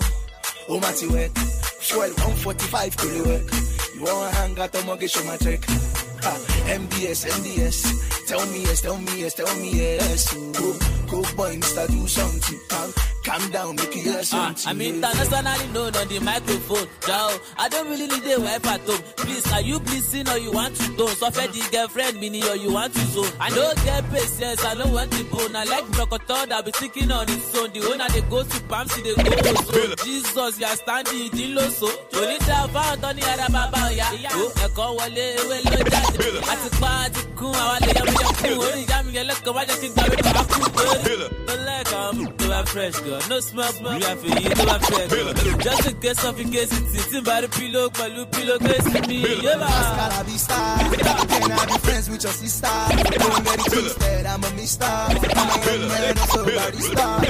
oh, Matty, wet. Fuel 145, call it wet. You want hang out, I'm gonna show my check. Ah, MDS, MDS. Tell me yes, tell me yes, tell me yes. Coke, coke boy, Mr. Do something. Ah, Calm down, make you hear something. Uh, I'm internationally known on the microphone. Ciao. I don't really need a wife at home. Please, are you pleasing or you want to do? Suffer so the girlfriend, mini or you want to zone. I don't get patience, I don't want the bone. I like Brokotor, i be sticking on his own. The owner, they go to Pam, see they go to so. Jesus, you are standing in low so. Torí ta bá ọ̀tọ́ ní ara bàbá ọ̀yá. Ẹ̀kọ́ wọlé ewé ló jáde. A ti pa, a ti kún, àwa lè yẹmu yẹmu kún. Orí ìyá mi yẹn lẹ́kọ̀ọ́ wájà kí n gbàgbé bàbá kú. Tó lẹ́kọ̀ọ́, tó bá fresh go girl. No smell, smell. We have to you know I'm fair. Just to case of in case it's sitting by the pillow, my little pillow case me. Yeah, I'm a star. Can I be friends with your sister? Don't get it twisted. I'm a mister. I'm a young man, I'm so star.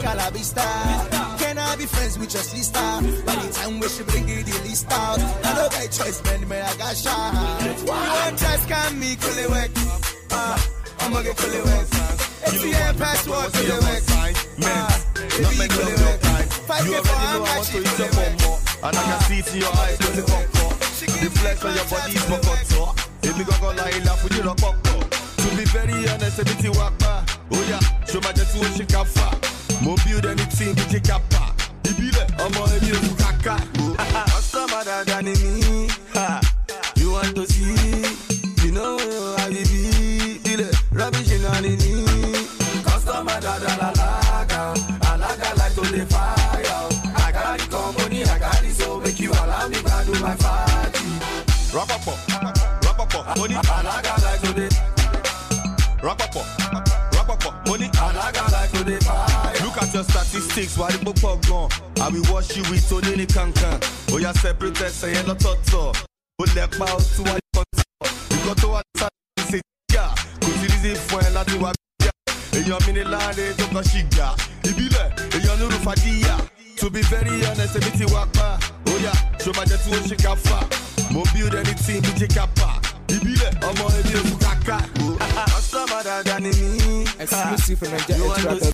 Gotta be star. Can I be friends with your sister? By the time we should bring it, the list out. I don't get choice, man. Man, I got shot. You want to can me cool it work. Uh, I'ma get cool it work. Ah, you FCA password to the West? Man, Not make love your time. You already know I want to eat your bumbo. And I can see it in your eyes, cause it pop up. The flesh on your body is more cut up. If you go go lie, laugh with you, rock up. To be very honest, I did you walk back. Oh yeah, show my just what she can far. More build anything, did you cap back? Ibi le, ọmọ ẹni òkú kàkà. Ọ̀sán bàdàdà ni mí. and I got like today. Rock up, rock money I got like today. Look at your statistics, why the pop gone? I will wash you with Tony the cancan. Oh, yeah, separate us, say no toto. Who oh, left my house to what you got to what say, yeah. Could you listen for a lot of what? Èèyàn mi ni láàrin tó there, and you èèyàn nírú fàdíyà. To be very honest, èmi ti wá pa. Oh yà, ṣo my jẹ tí not fuck. Mobile fà. Mo build anything, mo jẹ́ ká pa. ìbílẹ̀ ọmọ ilé ewu kàkà. ọ̀sán mọ̀ dáadáa ni mí. exclusive for Nigeria.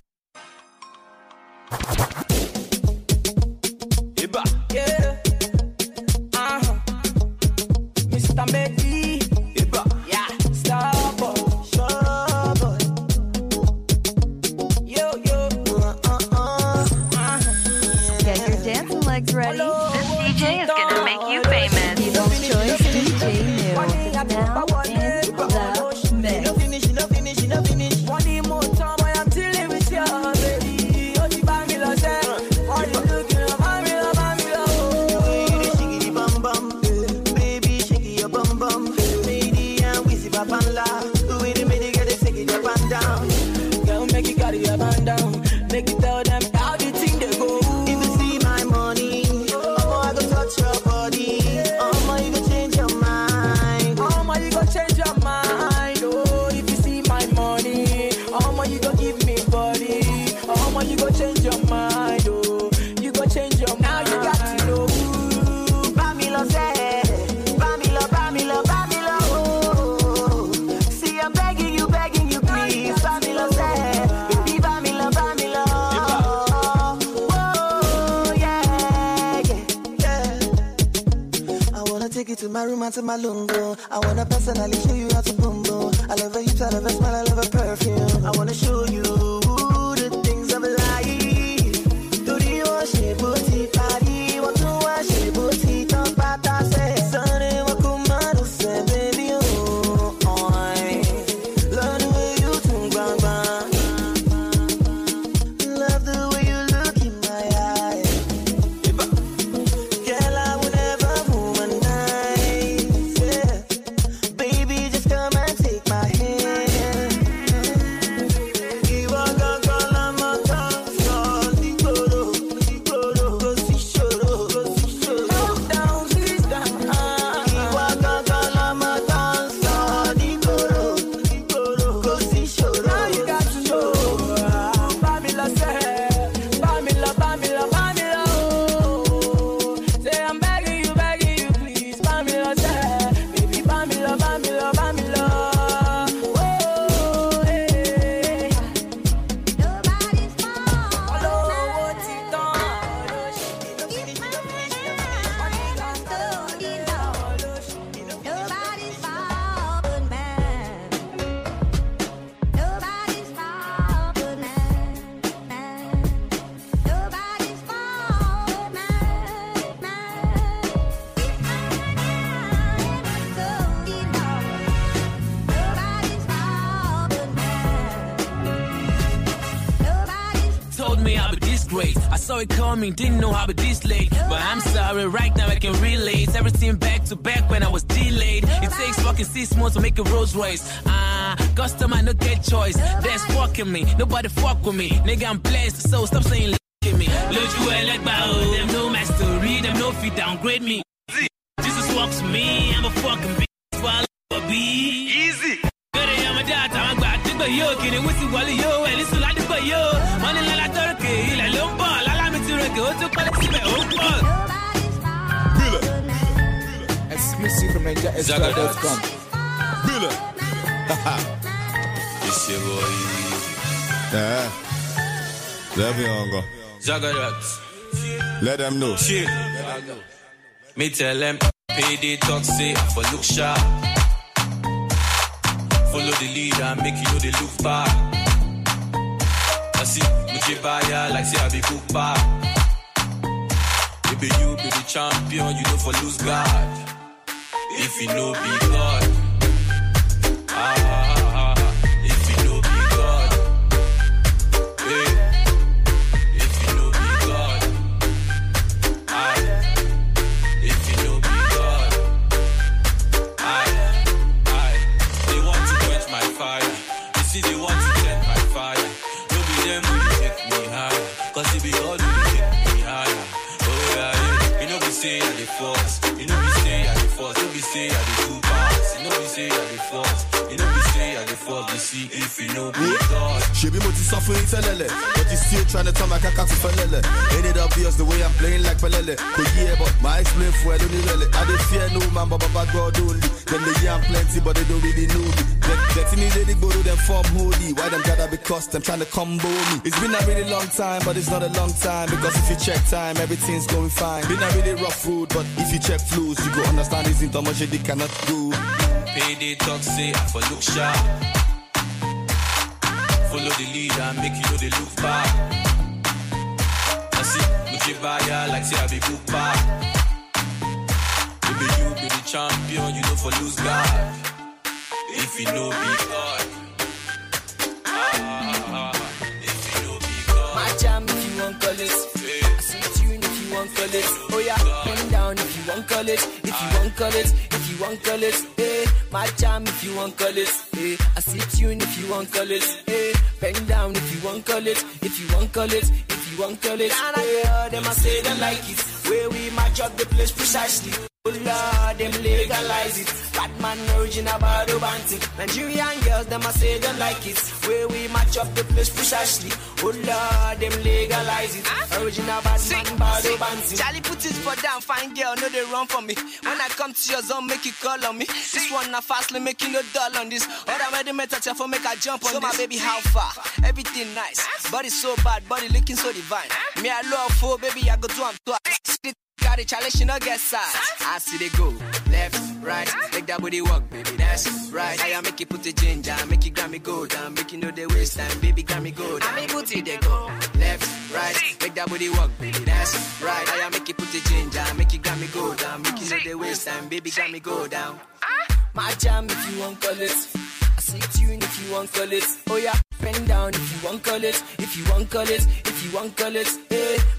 to my lungo. I wanna personally show you how to bumbo. I love a hit, I love a smell, I love a perfume. I wanna show you. saw it coming, didn't know how be this late. But I'm sorry, right now I can relate. Everything back to back when I was delayed. It takes fucking six months to make a Rolls Royce. Ah, uh, customer, no get choice. That's fucking me, nobody fuck with me. Nigga, I'm blessed, so stop saying look at me. Lójú like Bow, them no mastery, them no fit downgrade me. Jesus walks me, I'm a fucking bitch, while I be. Easy. Gbẹ̀rẹ̀ yàmọ̀dá àtàwọn àgbà àdúgbò yóò kiri, wíṣí wọlé yóò, ẹ̀lísùn ládùúgbò yóò. MajorExtra.com. Really? it's your boy. Yeah. Love you, Uncle. Zagadat. Let them know. Me tell them, pay the toxic for look sharp. Follow the leader, make you know they look back. I see, me keep buyer like say I be good back. Baby, you be the champion, you know for lose God. if you know be God. Ah. fuck the see if you know me She be multi suffering telele, but you still trying to tell my caca to felele. Ain't it obvious the way I'm playing like felele? But yeah, but my explain for I don't really. I don't fear no man, but bad God only. Then they yam plenty, but they don't really know me. Getting me lady go to them form holy. Why them gather because them trying to combo me. It's been a really long time, but it's not a long time. Because if you check time, everything's going fine. Been a really rough road, but if you check flows, you go understand it's not much they cannot do payday talk say I for look sharp. Follow the leader, make you know they look bad. I see, look buyer like say I be good bad. Baby, you be the champion, you know for lose God. If you know be God. Ah, if you know be My jam if you want call it. I see tune if you want colors. Oh, yeah call it, if you want call it, if you want call it, eh. My charm if you want call it, eh. I see tune if you want call it, eh. Bend down if you want call it, if you want call it, if you want call it. And I hear them, I say them like it. Where we match up the place precisely. Law, them legalize it. Batman origin about romantic. Nigerian girls, them I say they like it. Where we match up the place precisely. Oh Lord, them legalize it. Huh? Ah. Original Batman about Charlie put his foot down, find girl, no they run for me. When I come to your zone, make you call on me. This one I fastly making you no on this. Other way they met a for make I jump on so this. my baby, how far? Everything nice. Ah. Body so bad, body looking so divine. Ah. Me I love for baby, I go do am twice. Got it, challenge, you know, get size. I see they go left, right. Make that body walk, baby, that's right. I make you put the ginger, make you grammy go down, make you know they waste time, baby, grammy go down. I put ah. it, they go left, right. Make that body walk, baby, that's right. I make you put the ginger, make you grammy go down, make you know they waste time, baby, grammy go down. My jam if you want call it. I say tune if you want call it. Oh yeah, bend down if you want call it. If you want call it, if you want call it.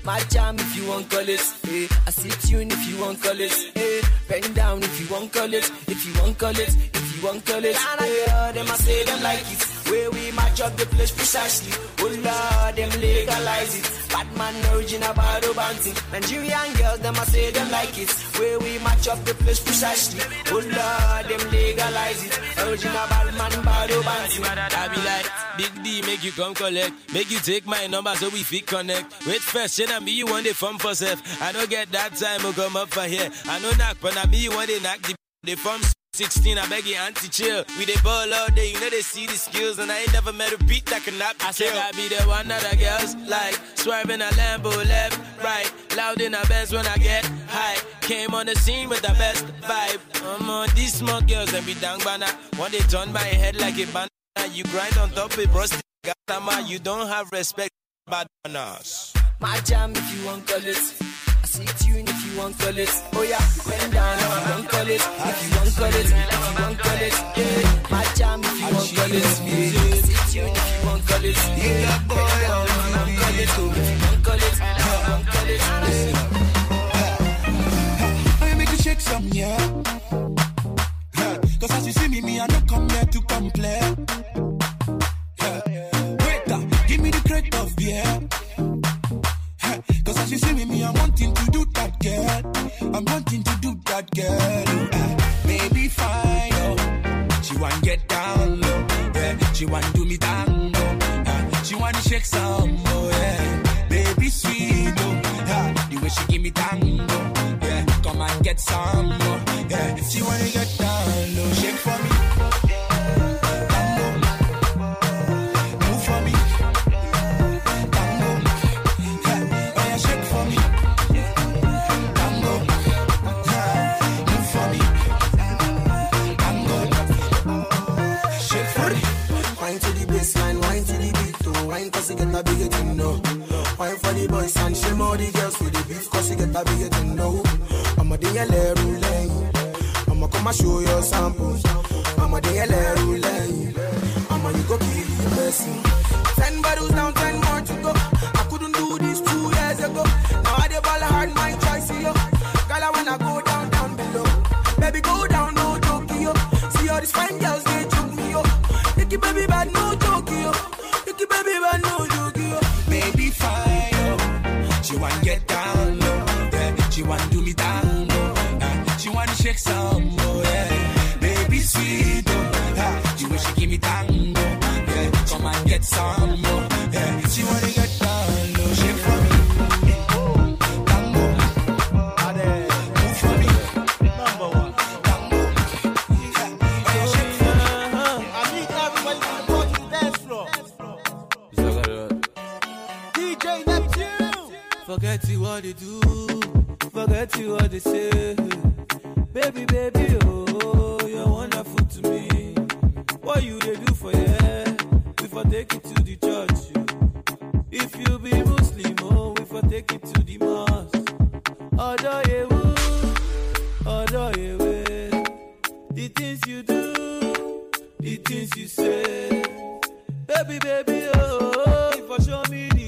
My jam if you want colors, eh. I see tune if you want colors, eh. Bend down if you want colors, if you want colors, if you want colors. And I hear them, I say them like it. Where we match up the place precisely. Oh Lord, them legalize it. Batman original battle bounty. Nigerian girls, them I say them like it. Where we match up the place precisely. Oh Lord, them legalize it. Original Batman battle bounty. I be like. Big D, make you come collect. Make you take my number so we fit connect. Wait first, shit, and me, you want the form for self. I don't get that time, to oh, come up for here. I know knock, but I me, you want the knock the, the form. 16, I beg you, auntie, chill. We they ball all day, you know they see the skills, and I ain't never met a beat that cannot I said I be the one that the girls like. Swerving a Lambo left, right. Loud in a Benz when I get high. Came on the scene with the best vibe. i on these small girls and be down now. When they turn my head like a banner. You grind on top of rusty gatama. You don't have respect bad manners. My jam if you want call it. I see tune if you want call it. Oh yeah, bend down if you want call it. If you want call it, if you want call it. my jam if you want call it. Yeah, I see tune if you want call it. Yeah, boy, I'm call it. If you want call it, if you want call it. I make you shake some yeah. Cause as you see me, me I don't come here to complain. girl who uh, eh, maybe fine, oh. She want get down low, oh, yeah. She want do me tango, uh, she want shake some more, oh, yeah. Baby sweet, oh, uh, the way she give me tango, yeah. Come and get some more, oh, yeah. She want to get down. a bigger thing, no. Wine for the boys and shame all the girls with the beef, cause you get a big head thing, no. I'm a DLA ruling. I'm a come and show your sample. I'm a DLA ruling. I'm a you go kill you, mercy. Ten bottles down, ten more to go. I couldn't do this two years ago. Now I dey ball hard, my choice, here. Girl, I wanna go down, down below. Baby, go down, no Tokyo. See all these fine girls, they choke me, yo. Nicky, baby, bad, no joke. get down low. Yeah. She want to do me down low. Uh, she want to shake some more. Yeah. Baby sweet, oh, uh, you wish she give me down low. Yeah. Come and get some more. Yeah. She wanna get Forget you what they do, forget you what they say. Baby, baby, oh, you're wonderful to me. What you they do for yeah? before for take it to the church. If you be Muslim, oh, if for take it to the mosque. Odo yewu, The things you do, the things you say. Baby, baby, oh, if I show me the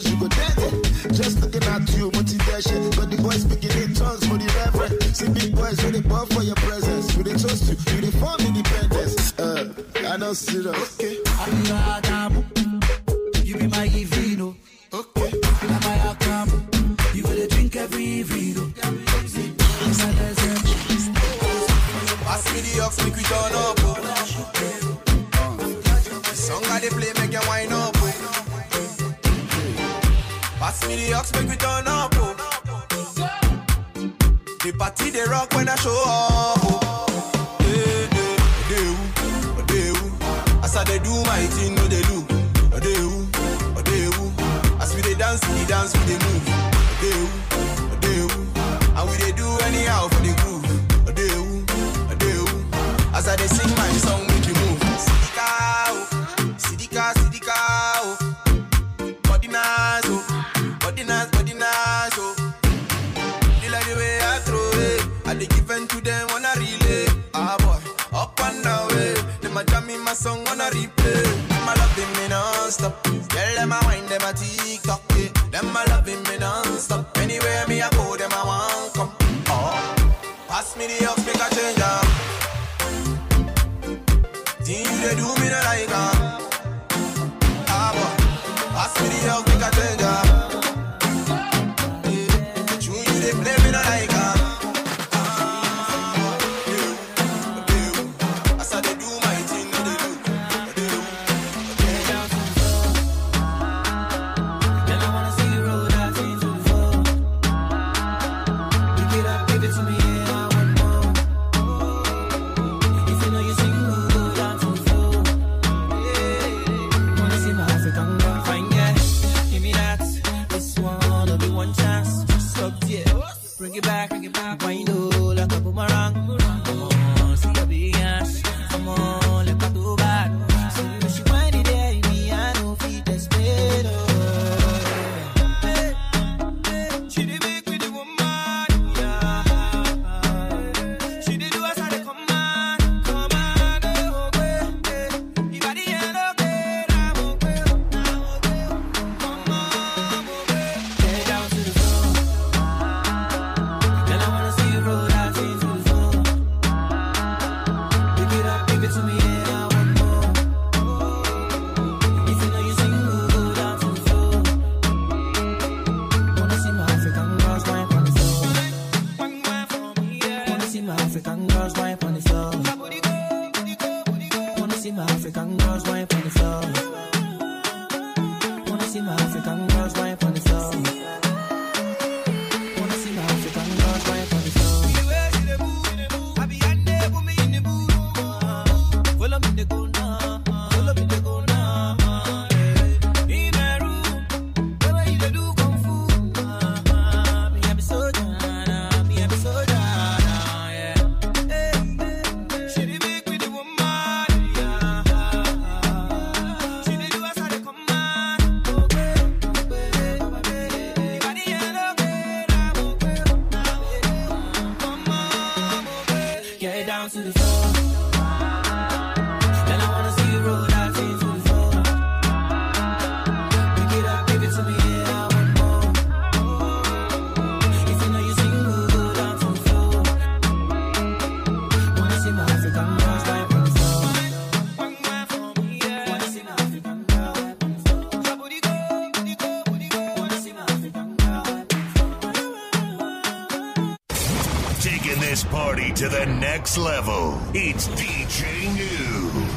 suppose you go dead. Just looking at you, motivation. But the boys speaking in tongues for the reverend. See big boys when they born for your presence. We they trust you, you they form independence. Uh, I know serious. Okay. I'm not Adamu. You be my Ivino. Okay. I'm my Akamu. You will really drink every Ivino. Pass me the ox, make we turn up. box, make we turn up. Oh. The party they rock when I show up. Oh. They, they, they, who, they, As I they do my thing, no they do. They, who, they, who. As we they dance, we dance, we they move. them a wine, them a TikTok, yeah. Them a loving me non-stop. Anywhere me a go, them a want come. Oh, pass me the up. next level. It's DJ New.